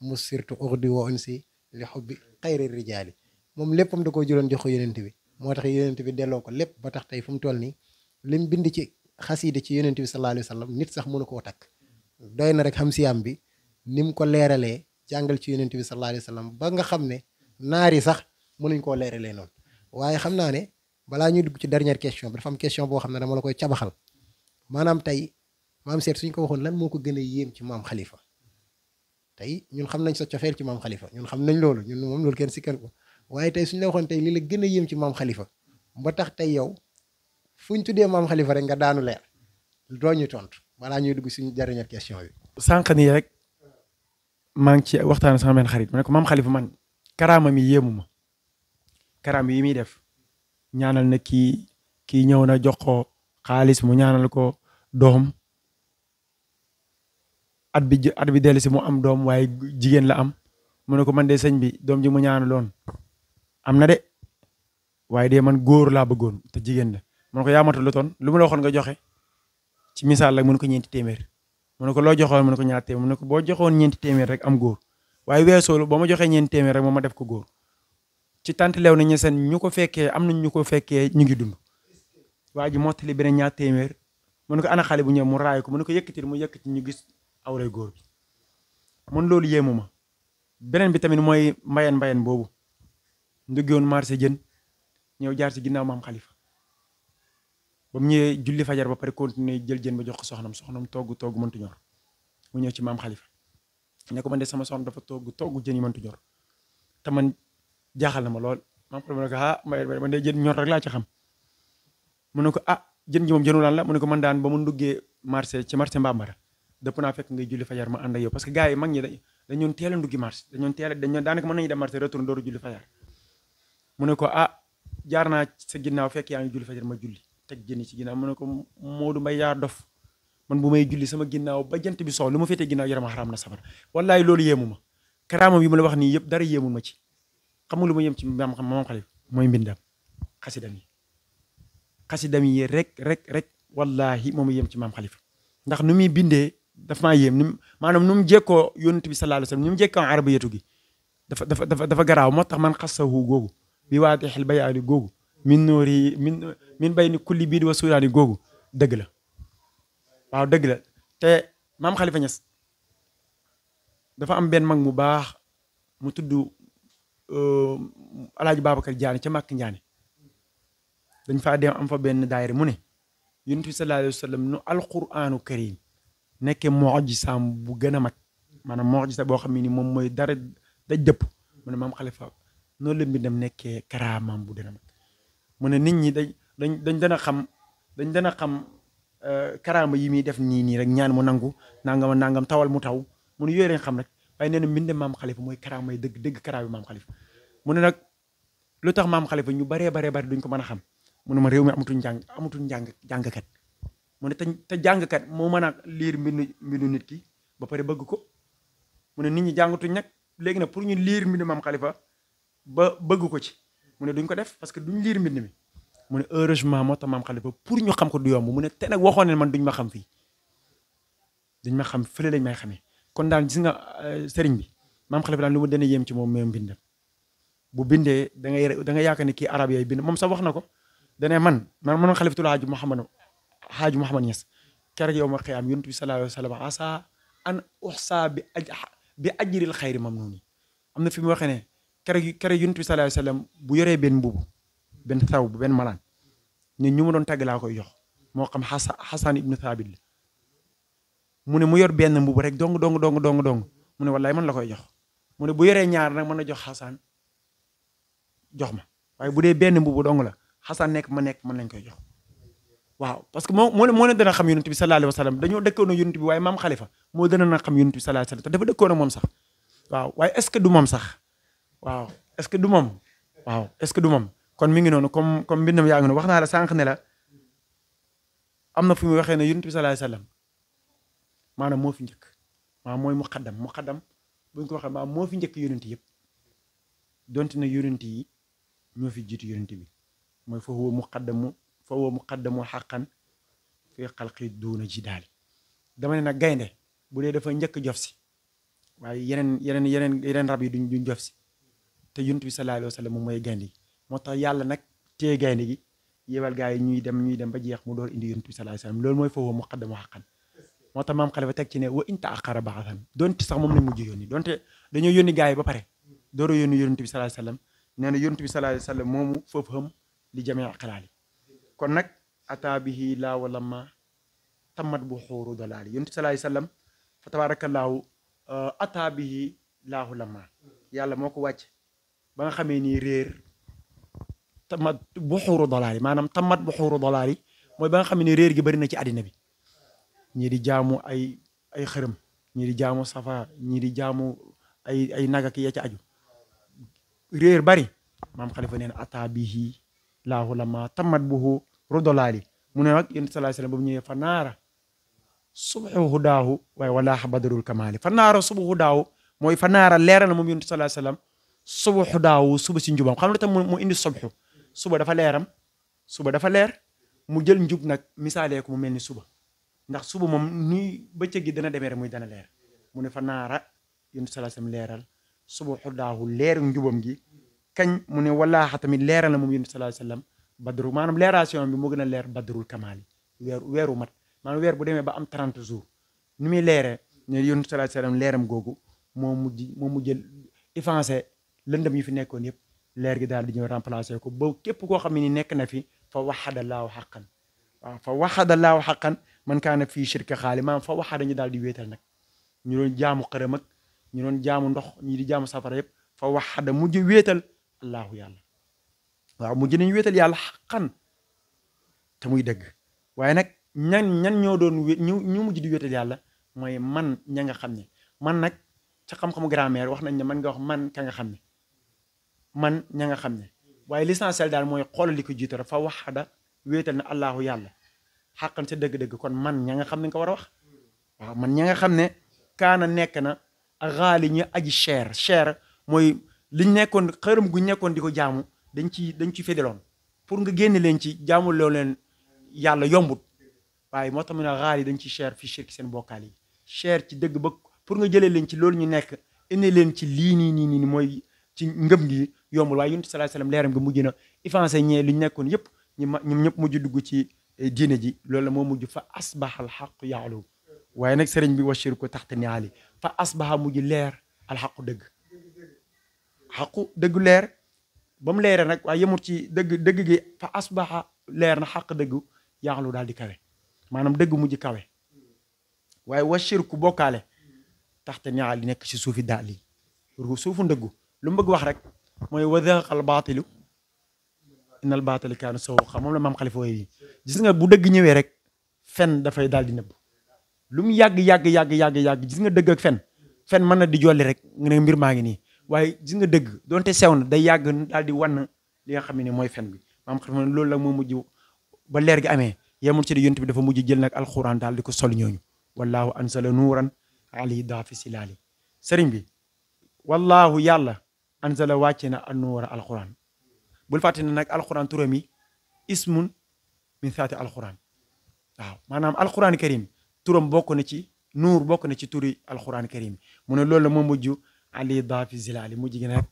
mu sirtu urdi wa unsi li xubbi xayri rijaali moom léppam da koo jëloon jox ko yonent bi moo tax yonent bi delloo ko lépp ba tax tey fu mu toll nii lim bind ci xasiida ci yonent bi sallallahu alayhi wa sallam nit sax mënu koo takk doy na rek xam siyaam bi ni mu ko leeralee jàngal ci yonent bi sallallahu alayhi wa ba nga xam ne naar yi sax mënuñ koo leeralee noonu waaye xam naa ne balaa ñuy dugg ci dernière question bi dafa am question boo xam ne dama la koy cabaxal maanaam tey maam seet suñ ko waxoon lan moo ko gën a yéem ci maam xalifa tey ñun xam nañ sa cofeel ci maam xalifa ñun xam nañ loolu ñun moom loolu kenn si kenn ko waaye tey suñu la waxoon tey li la gën a yéem ci maam xalifa ba tax tey yow fuñ tuddee maam xalifa rek nga daanu leer doo ñu tontu balaa ñuy dugg suñu dernière question bi. sànq nii rek maa ngi ci waxtaan sama benn xarit ma ne ko maam xalifa man karaama mi yéemu ma karaama yi muy def ñaanal na kii kii ñëw na jox ko xaalis mu ñaanal ko doom at bi at bi dellu si mu am doom waaye jigéen la am mu ne ko man de sëñ bi doom ji mu ñaanu loon am na de waaye de man góor laa bëggoon te jigéen la mu ne ko yaamatu lu toon lu mu la waxoon nga joxe ci misaal la mu ne ko ñeenti téeméer mu ne ko loo joxoon mu ne ko ñaar mu ne joxoon ñeenti téeméer rek am góor waaye weesoo ba ma joxee ñeenti téeméer rek moom ma def ko góor ci tant leew nañu seen ñu ko fekkee am na ñu ko fekkee ñu ngi dund waa ji mottali beneen ñaar téeméer mu ñu awre gor bi mon lol yemuma benen bi tamine moy mbayan jen, bobu ndugion marché jeun ñew jaar ci ginnaw mam khalifa ba ñewé julli fajar ba paré continuer jël jeun ba jox ko soxnam soxnam togg togg mëntu ñor mu ñew ci mam khalifa ne ko man dé sama soxnam dafa togg togg jeun yi mëntu ñor ta man jaaxal na ma lol mam problème ne ha ah mbayan man dé jeun ñor rek la ci xam mu ne ko ah jeun ji mom jeunu lan la mu ne ko man daan ba mu ndugé marché ci marché Mbambara dëpp naa fekk ngay julli fajar ma ànd ak yow parce que gars yi mag ñi dañoon teel a nduggi marché dañoon teel a dañoon daanaka mën nañu dem marché retourné dooru julli fajar mu ne ko ah jaar naa sa ginnaaw fekk yaa ngi julli fajar ma julli teg jënni ci ginnaaw mu ne ko Modou Mbaye yaa dof man bu may julli sama ginnaaw ba jant bi soow lu ma féetee ginnaaw yaram xaraam na safara wallaay loolu yéemu ma karaama ma la wax nii yëpp dara yéemu ma ci xam nga lu ma yëm ci maam xam maam xalif mooy mbindam xasidam yi xasidam yi rek rek rek wallahi mooma yëm ci maam xalif ndax nu daf maa yéem ni maanaam nu mu jekkoo yonent bi sallallahu alayhi wa sallam ni mu jekkoo arabiyatu gi dafa dafa dafa dafa garaaw moo tax man xasahu googu bi waatixil bayaani googu min noori min min bay ni kulli bii di wa suudaani googu dëgg la waaw dëgg la te maam Khalifa Niass dafa am benn mag mu baax mu tudd euh, alaaji Babacar Diané ca Màkk Ndiané dañ faa dem am fa benn daayira mu ne yonent bi sallallahu alayhi wa sallam nu alquranu karim nekkee mujisaam bu gën a mag maanaam mujisa boo xam ne ni moom mooy dara daj dëpp mu ne maam xalifa noonu la mbindam nekkee karaamaam bu gën a mag mu ne nit ñi dañ dañ dañ dana xam dañ dana xam euh, karaama yi muy def nii nii rek ñaan mu nangu nangam nangam tawal mu taw mu ne yooyu lañ xam rek waaye nee na mbindam maam xalifa mooy karaama yi dëgg dëgg karaama maam xalifa mu ne nag lu tax maam xalifa ñu baree baree bari duñ ko mën a xam mu ne ma réew mi amatul njàng amatul njàng jàngkat mu ne te te jàngkat moo mën a liir mbindu mbindu nit ki ba pare bëgg ko mu ne nit ñi jàngatuñ nag léegi na pour ñu liir mbindu mam Khalifa ba bëgg ko ci mu ne duñ ko def parce que duñ liir mbind mi mu ne heureusement moo tax maam Khalifa pour ñu xam ko du yomb mu ne te nag waxoon man duñ ma xam fii duñ ma xam fële lañ may xamee kon daan gis nga euh, sëriñ bi maam Khalifa daal lu mu dana yem ci moom même mbindam bu bindee da ngay da nga yaakaar ne kii arab yooyu bind moom sax wax na ko dane man man man Khalifatul Haaji Mouhamadou حاج محمد ياس كار يوم القيامة ينتبي صلى الله عليه وسلم عسى أن أحصى بأجر الخير ممنوني أمنا في موقعنا كار ينتبي صلى الله عليه وسلم بيري بين بوب بين ثوب بين ملان نيوم دون تقل أخو يخ موقم حسن ابن ثابت مني مير بين بوب رك دونغ دونغ دونغ دونغ دونغ مني والله من لكو يخ مني بيري نيار نك من جو حسن جو ما بودي بين بوب دونغ لا حسن نك من نك من لنكو يخ waaw parce que moo moo moo dana xam yonent bi sallallahu alayhi wa sallam dañoo dëkkoon ak yonent bi waaye maam xalifa moo dana na xam yonent bi sallallahu alayhi wa sallam dafa waaw waaye est ce que du sax waaw est ce que du moom waaw est ce que du moom kon mi ngi noonu comme comme mbindam yaa ngi noonu wax naa la sànq ne la am na fu muy waxee ne yonent bi sallallahu alayhi wa sallam maanaam moo fi njëkk maanaam mooy muqaddam muqaddam bu ñu ko waxee maanaam moo fi njëkk yonent yëpp donte ne yonent yi ñoo fi jiitu yonent bi mooy foofu muqaddamu fa huwa muqaddamu xaqan fi xalqi duuna jidaali dama ne nag gaynde bu dee dafa njëkk jof si waaye yeneen yeneen yeneen yeneen rab yi duñ duñ jof si te yunt bi sallallahu alayhi wa moom mooy gaynde gi moo tax yàlla nag téye gaynde gi yebal gaa yi ñuy dem ñuy dem ba jeex mu door indi yunt bi sallallahu lool wa sallam loolu mooy fa huwa muqaddamu xaqan moo tax maam xalifa teg ci ne wa inta aqara baaxatan donte sax moom lañ mujj yónni donte dañoo yónni gaa yi ba pare dooro yónni yonent bi sallallahu alayhi wa sallam nee bi sallallahu alayhi wa sallam moomu foofu xam li jamee kon nak ataa bihi laa wala ma tamat bu xóoru yunus sallallahu alayhi sallam fa tabarakallahu atabihi bihi laahu la ma yàlla moko wàcc ba nga xamé ni réer tamat bu khuru dalaali manam tamat bu khuru dalaali moy ba nga xamé ni réer gi bari na ci adina bi ñi di jaamu ay ay xërëm ñi di jaamu safa ñi di jaamu ay ay nagak ya ci aju réer bari mam khalifa neen ataa bihi la ma tamat buhu rudolali muné wak yunus sallallahu alayhi wasallam bu mu ñëwee fa naara subhu hudahu way wala badarul kamal fa subhu hudahu moy fa naara leeral na sallallahu alayhi wasallam subhu hudahu suba si njubam xam nga tam mo indi subhu suba dafa leeram suba dafa leer mu jël njub nag misaalee ko mu suba ndax suba nuy gi dana muy dana leer fa sallallahu alayhi wasallam njubam gi sallallahu alayhi wasallam badru maanaam leeration bi moo gën a leer badrul kamaal yi weer weeru mat maanaam weer bu demee ba am 30 jours ni muy leeree ne yonent sallallahu alayhi wasallam leeram googu moo mujj moo mujj effacé lëndëm yi fi nekkoon yëpp leer gi daal di ñëw remplacé ko ba képp koo xam ne ni nekk na fi fa waxadallaahu xaqan waaw fa waxadallaahu xaqan man kaana fii shirka xaali maanaam fa waxada ñu daal di wéetal nag ñu doon jaamu xërëm ak ñu doon jaamu ndox ñi di jaamu safara yëpp fa waxada mujj wéetal allaahu yàlla waaw mu ñu wétal yalla haqqan té muy dëgg waaye nak ñan ñan ñoo doon ñu ñu mujj di wétal yalla moy man ña nga xamné man nak ci xam-xamu grand-mère wax nañ ne man nga wax man ka nga xamné man ña nga xamné ne l'essentiel dal moy xol li ko fa waxada wétal na allahu yalla haqqan sa dëgg-dëgg kon man ña nga xamné ko wax waaw man ña nga xamné kana nek na xaali ñu aji cher cher moy liñ nekkoon xërëm gu nekkoon di ko jaamu dañ ci dañ ci fédéloon pour nga génne leen ci jaamul loo leen yàlla yombut waaye moo tax mu ne raar yi dañ ci cher fi shirk seen bokkaal yi cher ci dëgg ba pour nga jëlee leen ci loolu ñu nekk indi leen ci lii nii nii nii mooy ci ngëm ngi yombul waaye yonent sallallahu alayhi wasallam leeram nga mujj na effacé ñee lu ñu nekkoon yëpp ñu ma ñoom ñëpp mujj dugg ci eh, diine ji loolu la moo mujj fa asbaha alxaqu yaalu waaye nag sëriñ bi washir ko taxte niaali fa asbaha mujj leer alxaqu dëgg xaqu dëgg leer ba mu leeree nag waaye yemut ci dëgg dëgg gi fa asbaxa leer na xàq dëggu yaaxlu daal di kawe maanaam dëgg mujj kawe waaye wa shirku bokkaale taxte ñaa li nekk ci suufi daal yi ru suufu ndëggu lu mu bëgg wax rek mooy wa zahaqal baatilu innal baatila kaana zahuuqa moom la maam xalifa yi gis nga bu dëgg ñëwee rek fen dafay daal di nëbb lu mu yàgg yàgg yàgg yàgg yàgg gis nga dëgg ak fen fen mën na di jolli rek nga mbir maa ngi nii waaye gis nga dëgg donte sew na day yàgg daal di wanna li nga xam ne mooy fen bi maam xam ne loolu la moo mujj ba leer gi amee yemul ci yonent bi dafa mujj jël nag alxuraan daal di ko sol ñooñu wallaahu ansala nuuran ali daafi silaali sëriñ bi wallaahu yàlla ansala wàcce na annuura alxuraan bul fàtte ne nag alxuraan turam yi ismun min saati alxuraan waaw maanaam alxuraan karim turam bokk na ci nuur bokk na ci turi alxuraan karim mu ne la moo mujj ali daafi zilaali mu jigéen rek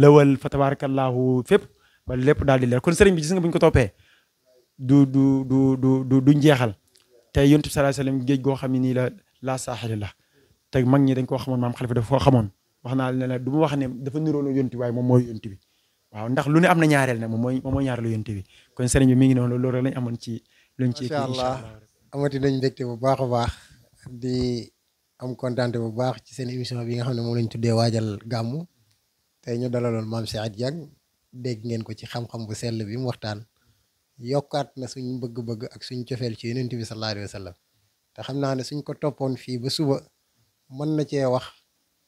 lëwal fa tabarakallahu fépp ba lépp daal di leer kon sëriñ bi gis nga bu ko tope du du du du du njeexal te yontu bi sallallahu alayhi wasallam géej goo xam ne nii la laa saaxili la te mag ñi dañ koo xamoon maam xalifa dafa koo xamoon wax naa du ma wax ne dafa niroo la yontu waaye moom mooy yontu bi waaw ndax lu ne am na ñaareel na moom mooy moom mooy ñaareelu bi kon sëriñ bi mi ngi noonu loolu lañ amoon ci luñ ci insha Allah amati nañ mbégte bu baax a baax am kontaan bu baax ci seen émission bi nga xam ne moom lañ tuddee waajal gàmmu tey ñu dalaloon maam Cheikh Dieng dégg ngeen ko ci xam-xam bu sell bi mu waxtaan yokkaat na suñ bëgg-bëgg ak suñ cofeel ci yonent bi sallallahu alayhi wa te xam naa ne suñ ko toppoon fii ba suba mën na cee wax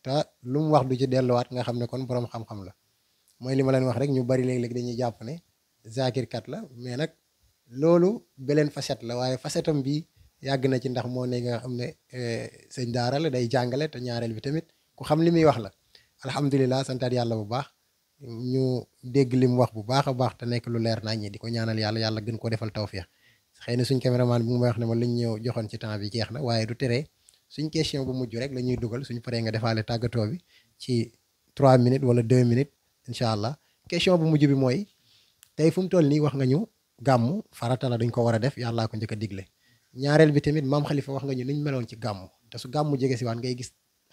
te lu mu wax du ci delluwaat nga xam ne kon borom xam-xam la mooy li ma leen wax rek ñu bari léegi léeg dañuy jàpp ne zakirkat la mais nag loolu beleen facette la waaye facette am bii yàgg na ci ndax moo ne nga xam ne eh, sëñ daara day jàngale te ñaareel bi tamit ku xam li muy wax la alhamdulilah santaat yàlla bu baax ñu dégg li mu wax bu baax a baax te nekk lu leer naa ñi di ko ñaanal yàlla yàlla gën koo defal tawféex xëy na suñ caméraman bi mu may wax ne ma liñ ñëw joxoon ci temps bi jeex na waaye du tere suñ question bu mujj rek la ñuy dugal suñ paree nga defaale tàggatoo bi ci 3 minutes wala 2 minutes incha allah question bu mujj bi mooy tey fu mu toll nii wax nga ñu gàmmu farata la dañ ko war a def yàllaa ko njëkk a ñaareel bi tamit maam xalifa wax nga ñu niñ meloon ci gàmm te su gàmm jege si waan ngay gis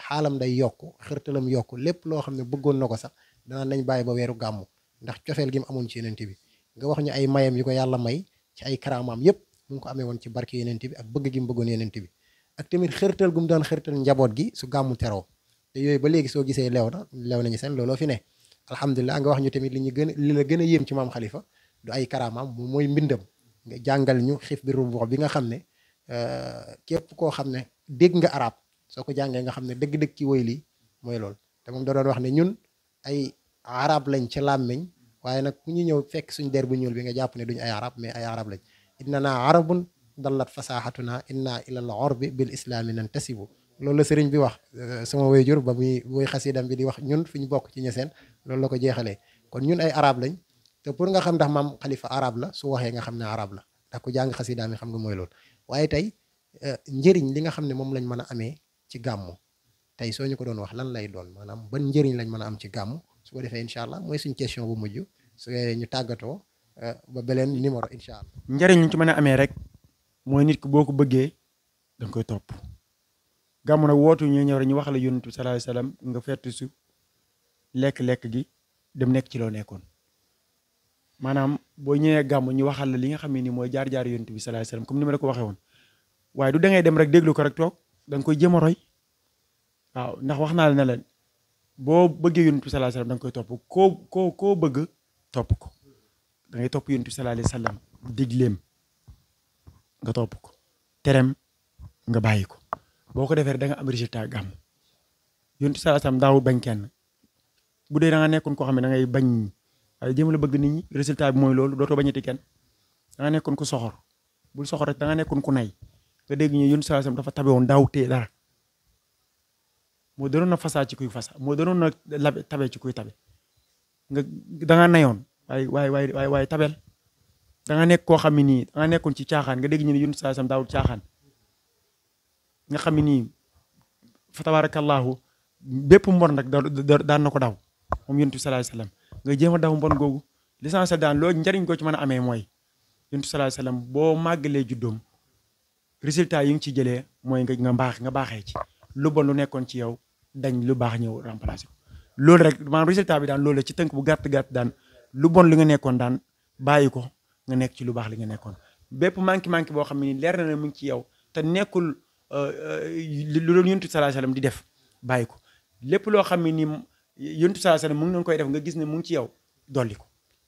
xaalam day yokk xërtalam yokk lépp loo xam ne bëggoon na ko sax danaan nañ bàyyi ba weeru gàmm ndax cofeel gi mu amoon ci bi nga wax ñu ay mayam yu ko yàlla may ci ay karaamaam yépp mu ngi ko amee woon ci barke yenente bi ak bëgg gi mu bëggoon yenente bi ak tamit xërtal gu mu daan xërtal njaboot gi su gàmmu teroo te yooyu ba léegi soo gisee lew na lew nañu seen looloo fi ne alhamdulilah nga wax ñu tamit li ñu gën li la gën a yéem ci maam xalifa du ay karaamaam mooy mbindam nga jàngal ñu xiif bi rubuux bi nga xam ne euh, képp koo xam ne dégg nga arab soo ko jàngee nga xam ne dëgg-dëgg ki woy lii mooy loolu te moom da doon wax ne ñun ay arab lañ ci làmmiñ waaye nag ku ñu ñëw fekk suñ der bu ñuul bi nga jàpp ne duñu ay arab mais ay arab lañ inna naa arabun dallat fasahatuna inna ilal orbi bil islaami nan tasibu loolu la sëriñ bi wax euh, sama wayjur ba muy muy xasidam bi di wax ñun fu ñu bokk ci ñeseen loolu la ko jeexalee kon ñun ay arab lañ te pour nga xam ndax maam xalifa arab la su waxee nga xam ne arab la ndax ku jàng xasidaam yi xam nga mooy lool waaye tey eh, njëriñ li nga xam ne moom lañ mën a amee ci gàmmu tey soo ñu ko doon wax lan lay doon maanaam ban njëriñ lañ mën a am ci gàmmu su ko defee incha allah mooy suñ question bu mujj ñu tàggatoo eh, ba beleen numéro incha njëriñ li ci mën amee rek mooy nit ki boo ko bëggee da koy topp gàmmu nag wootu ñu ñëw rek ñu wax la yonent bi sallallahu alayhi wasallam nga fett su lekk-lekk gi dem nekk ci loo nekkoon. maanaam boo ñëwee gàmm ñu waxal la li nga xam ne nii mooy jaar-jaar yonent bi sallallahu alayhi wasallam comme ni ma la ko waxee woon waaye du da dem rek déglu ko rek toog da nga koy jéem a roy waaw ndax wax naa la ne boo bëggee yonent bi sallallahu alayhi wasallam da koy topp koo koo koo bëgg topp ko da ngay topp yonent bi sallallahu alayhi nga topp ko terem nga bàyyi ko boo ko defee da nga am résultat gàmm yonent bi sallallahu alayhi wasallam bañ kenn bu dee da nga nekkoon koo xam ne da ngay bañ ay jéem la bëgg nit ñi résultat bi mooy loolu dootoo bañati kenn ken nga nekkoon ku soxor bul soxor danga da nekkoon ku nay nga dégg ñu yun saasam dafa tabe woon daaw tee dara moo danoon na fasaa ci kuy fasa moo danoon na labe tabe ci kuy tabe nga da nga nayoon waaye waaye waaye waaye waaye tabel nekk koo xam ne nii da ci caaxaan nga dégg ñu ne yun saasam daawul caaxaan nga xam ne nii fa tabaarakallaahu bépp mbor nag daan na ko daw moom yonent bi salaay salaam nga jéem a daw mbon googu l'essentiel daal loolu njariñ ko ci mën a amee mooy yontu sallallahu alayhi wasallam boo màggalee juddoom résultat yi nga ci jëlee mooy nga nga baax nga baaxee ci lu bon lu nekkoon ci yow dañ lu baax ñëw remplacer ko loolu rek maanaam résultat bi daan loolu la ci tënk bu gàtt gàtt daan lu bon li nga nekkoon daan bàyyi ko nga nekk ci lu baax li nga nekkoon bépp manqué manqué boo xam ne ni leer na ne mu ngi ci yow te nekkul euh, euh, lu doon yontu sallallahu alayhi wasallam di def bàyyi ko lépp yontu saa sana mu ngi koy def nga gis ne mu ngi ci yow dolli ko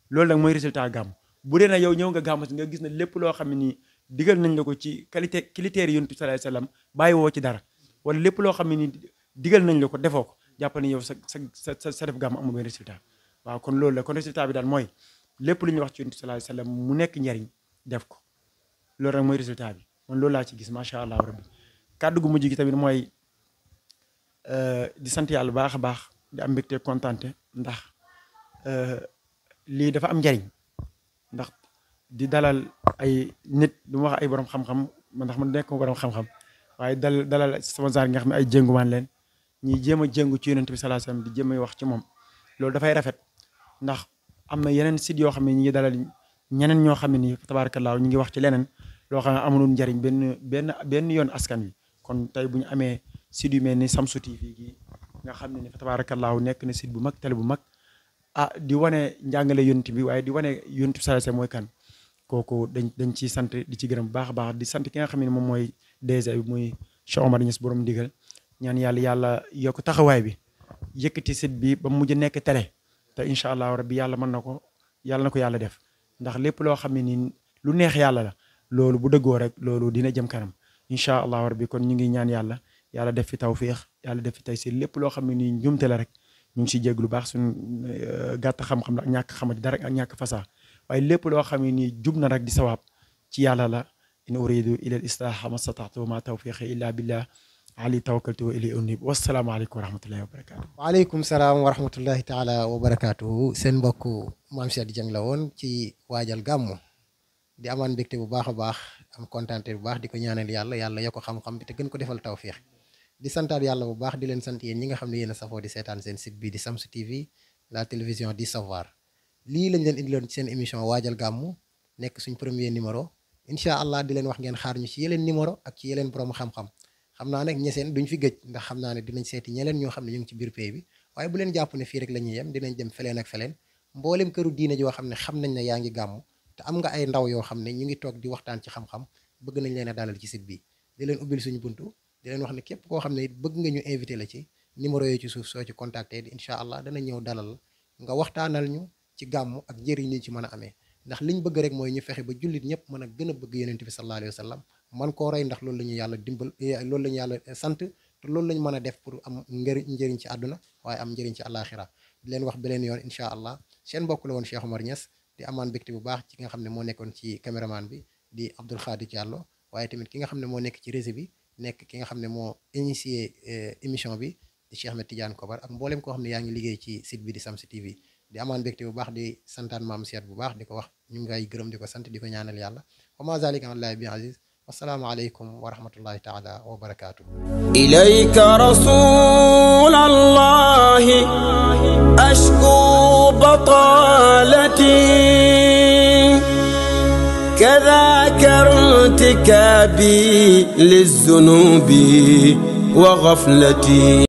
loolu nag mooy résultat gàmm bu dee na yow ñëw nga gàmm si nga gis ne lépp loo xam ne nii digal nañ la ko ci qualité critères yontu saa sallam bàyyi woo ci dara wala lépp loo xam ne nii digal nañ la ko defoo ko jàpp ne yow sa sa sa sa def gàmm amul benn résultat waaw kon loolu la kon résultat bi daal mooy lépp lu ñuy wax ci yontu saa sallam mu nekk njariñ def ko loolu rek mooy résultat bi man loolu laa ci gis macha allah rabbi kàddu gu mujj gi tamit mooy euh, di sant yàlla baax a baax di am mbégte kontante ndax euh, lii dafa am njariñ ndax di dalal ay nit du ma wax ay borom xam-xam man ndax mu nekk borom xam-xam waaye dal dalal sama zaar nga xam ay jéngumaan leen ñuy jéem a jéngu ci yonent bi sallallahu alayhi di jéem a wax ci moom loolu dafay rafet ndax am na yeneen site yoo xam ne ñu ngi dalal ñeneen ñoo xam ne nii tabaarakallaa ñu ngi wax ci leneen loo xam ne amuloon njariñ benn benn benn yoon askan wi kon tey bu ñu amee site yu mel ni Samsu TV gi nga xam ne ne fa tabaarakallaahu nekk na site bu mag télé bu mag ah di wane njàngale yonent bi waaye di wane yonent bi sallallahu mooy kan kooku dañ dañ ciy sant di ci gërëm bu baax a baax di sant ki nga xam ne moom mooy DG bi muy Cheikh Omar Niass borom ndigal ñaan yàlla yàlla yokk taxawaay bi yëkkati site bi ba mujj nekk télé te incha allahu rabbi yàlla mën na ko yàlla ko yàlla def ndax lépp loo xam ne nii lu neex yàlla la loolu bu dëggoo rek loolu dina jëm kanam incha allahu rabbi kon ñu ngi ñaan yàlla yàlla def fi taw tawfiix yàlla def fi tey si lépp loo xam ne nii njumte la rek ñu ngi siy jégg lu baax suñu euh, gàtt xam-xam ñàkk xamati dara ak ñàkk fasaa waaye lépp loo xam ne nii jub na rek di sawaab ci yàlla la in uridu ila al islaaha ma stataatu ma tawfiqi illa billah ali tawakkaltu wa ilay unib wasalaamaaleykum wa rahmatullahi wa barakaatu waaleykum salaam wa rahmatullahi taala wa seen mbokk maam la woon ci waajal gàmmu di amaan mbégte bu baax a baax am kontaante bu baax di ko ñaanal yàlla yàlla yokk xam-xam di te gën ko defal tawfiq di santaat yalla bu baax di len sant yeen ñi nga xam yeen safo di seetaan sen site bi di samsu TV la télévision di savoir li lañ leen indiloon ci sen émission wajal gamu nek suñ premier numéro allah di len wax ngeen xaar ñu ci yeleen numéro ak ci yeleen borom xam-xam xamna naa nag ñeseen duñ fi gëj ndax xamna ne dinañ séti ñeleen ño xam ñu ci biir pays bi waye bu len japp ne fi rek la yem dinañ dem feleen ak feleen mbolim këru diine ji xam ne xam nañ ne yaangi gamu te am nga ay ndaw yo xam ñu ngi tok di waxtaan ci xam-xam bëgg nañ leena dalal ci site bi di len ubbil suñu buntu di leen wax ne képp koo xam ne it bëgg nga ñu invité la ci numéro yooyu ci suuf soo ci contacté di incha allah dana ñëw dalal nga waxtaanal ñu ci gàmm ak njëriñ liñ ci mën a amee ndax liñ bëgg rek mooy ñu fexe ba jullit ñëpp mën a gën a bëgg yonent bi sallallahu alayhi wa sallam man koo roy ndax loolu la ñu yàlla dimbal eh, loolu la ñu yàlla sant te loolu lañu mën a def pour am ngëri njëriñ ci àdduna waaye am njëriñ ci àllaaxira di leen wax beneen yoon incha allah seen mbokk woon Cheikh Omar Niass di amaan bégte bu baax ci nga ne moo nekkoon ci caméraman bi di Abdoul Khadi Diallo waaye tamit ki nga xam ne moo nekk ci réseau bi nekk ki nga xam ne moo initié émission bi di Cheikh Ahmed Tidiane Kobar ak mboolem koo xam ne yaa ngi liggéey ci site bi di Shamsu TV di amaan mbégte bu baax di santaan maam seet bu baax di ko wax ñu ngi koy gërëm di ko sant di ko ñaanal yàlla wa ma zalika alallahi bi aziz والسلام عليكم ورحمة الله تعالى وبركاته إليك رسول الله أشكو بطالتي كذا كرتك بي للذنوب وغفلتي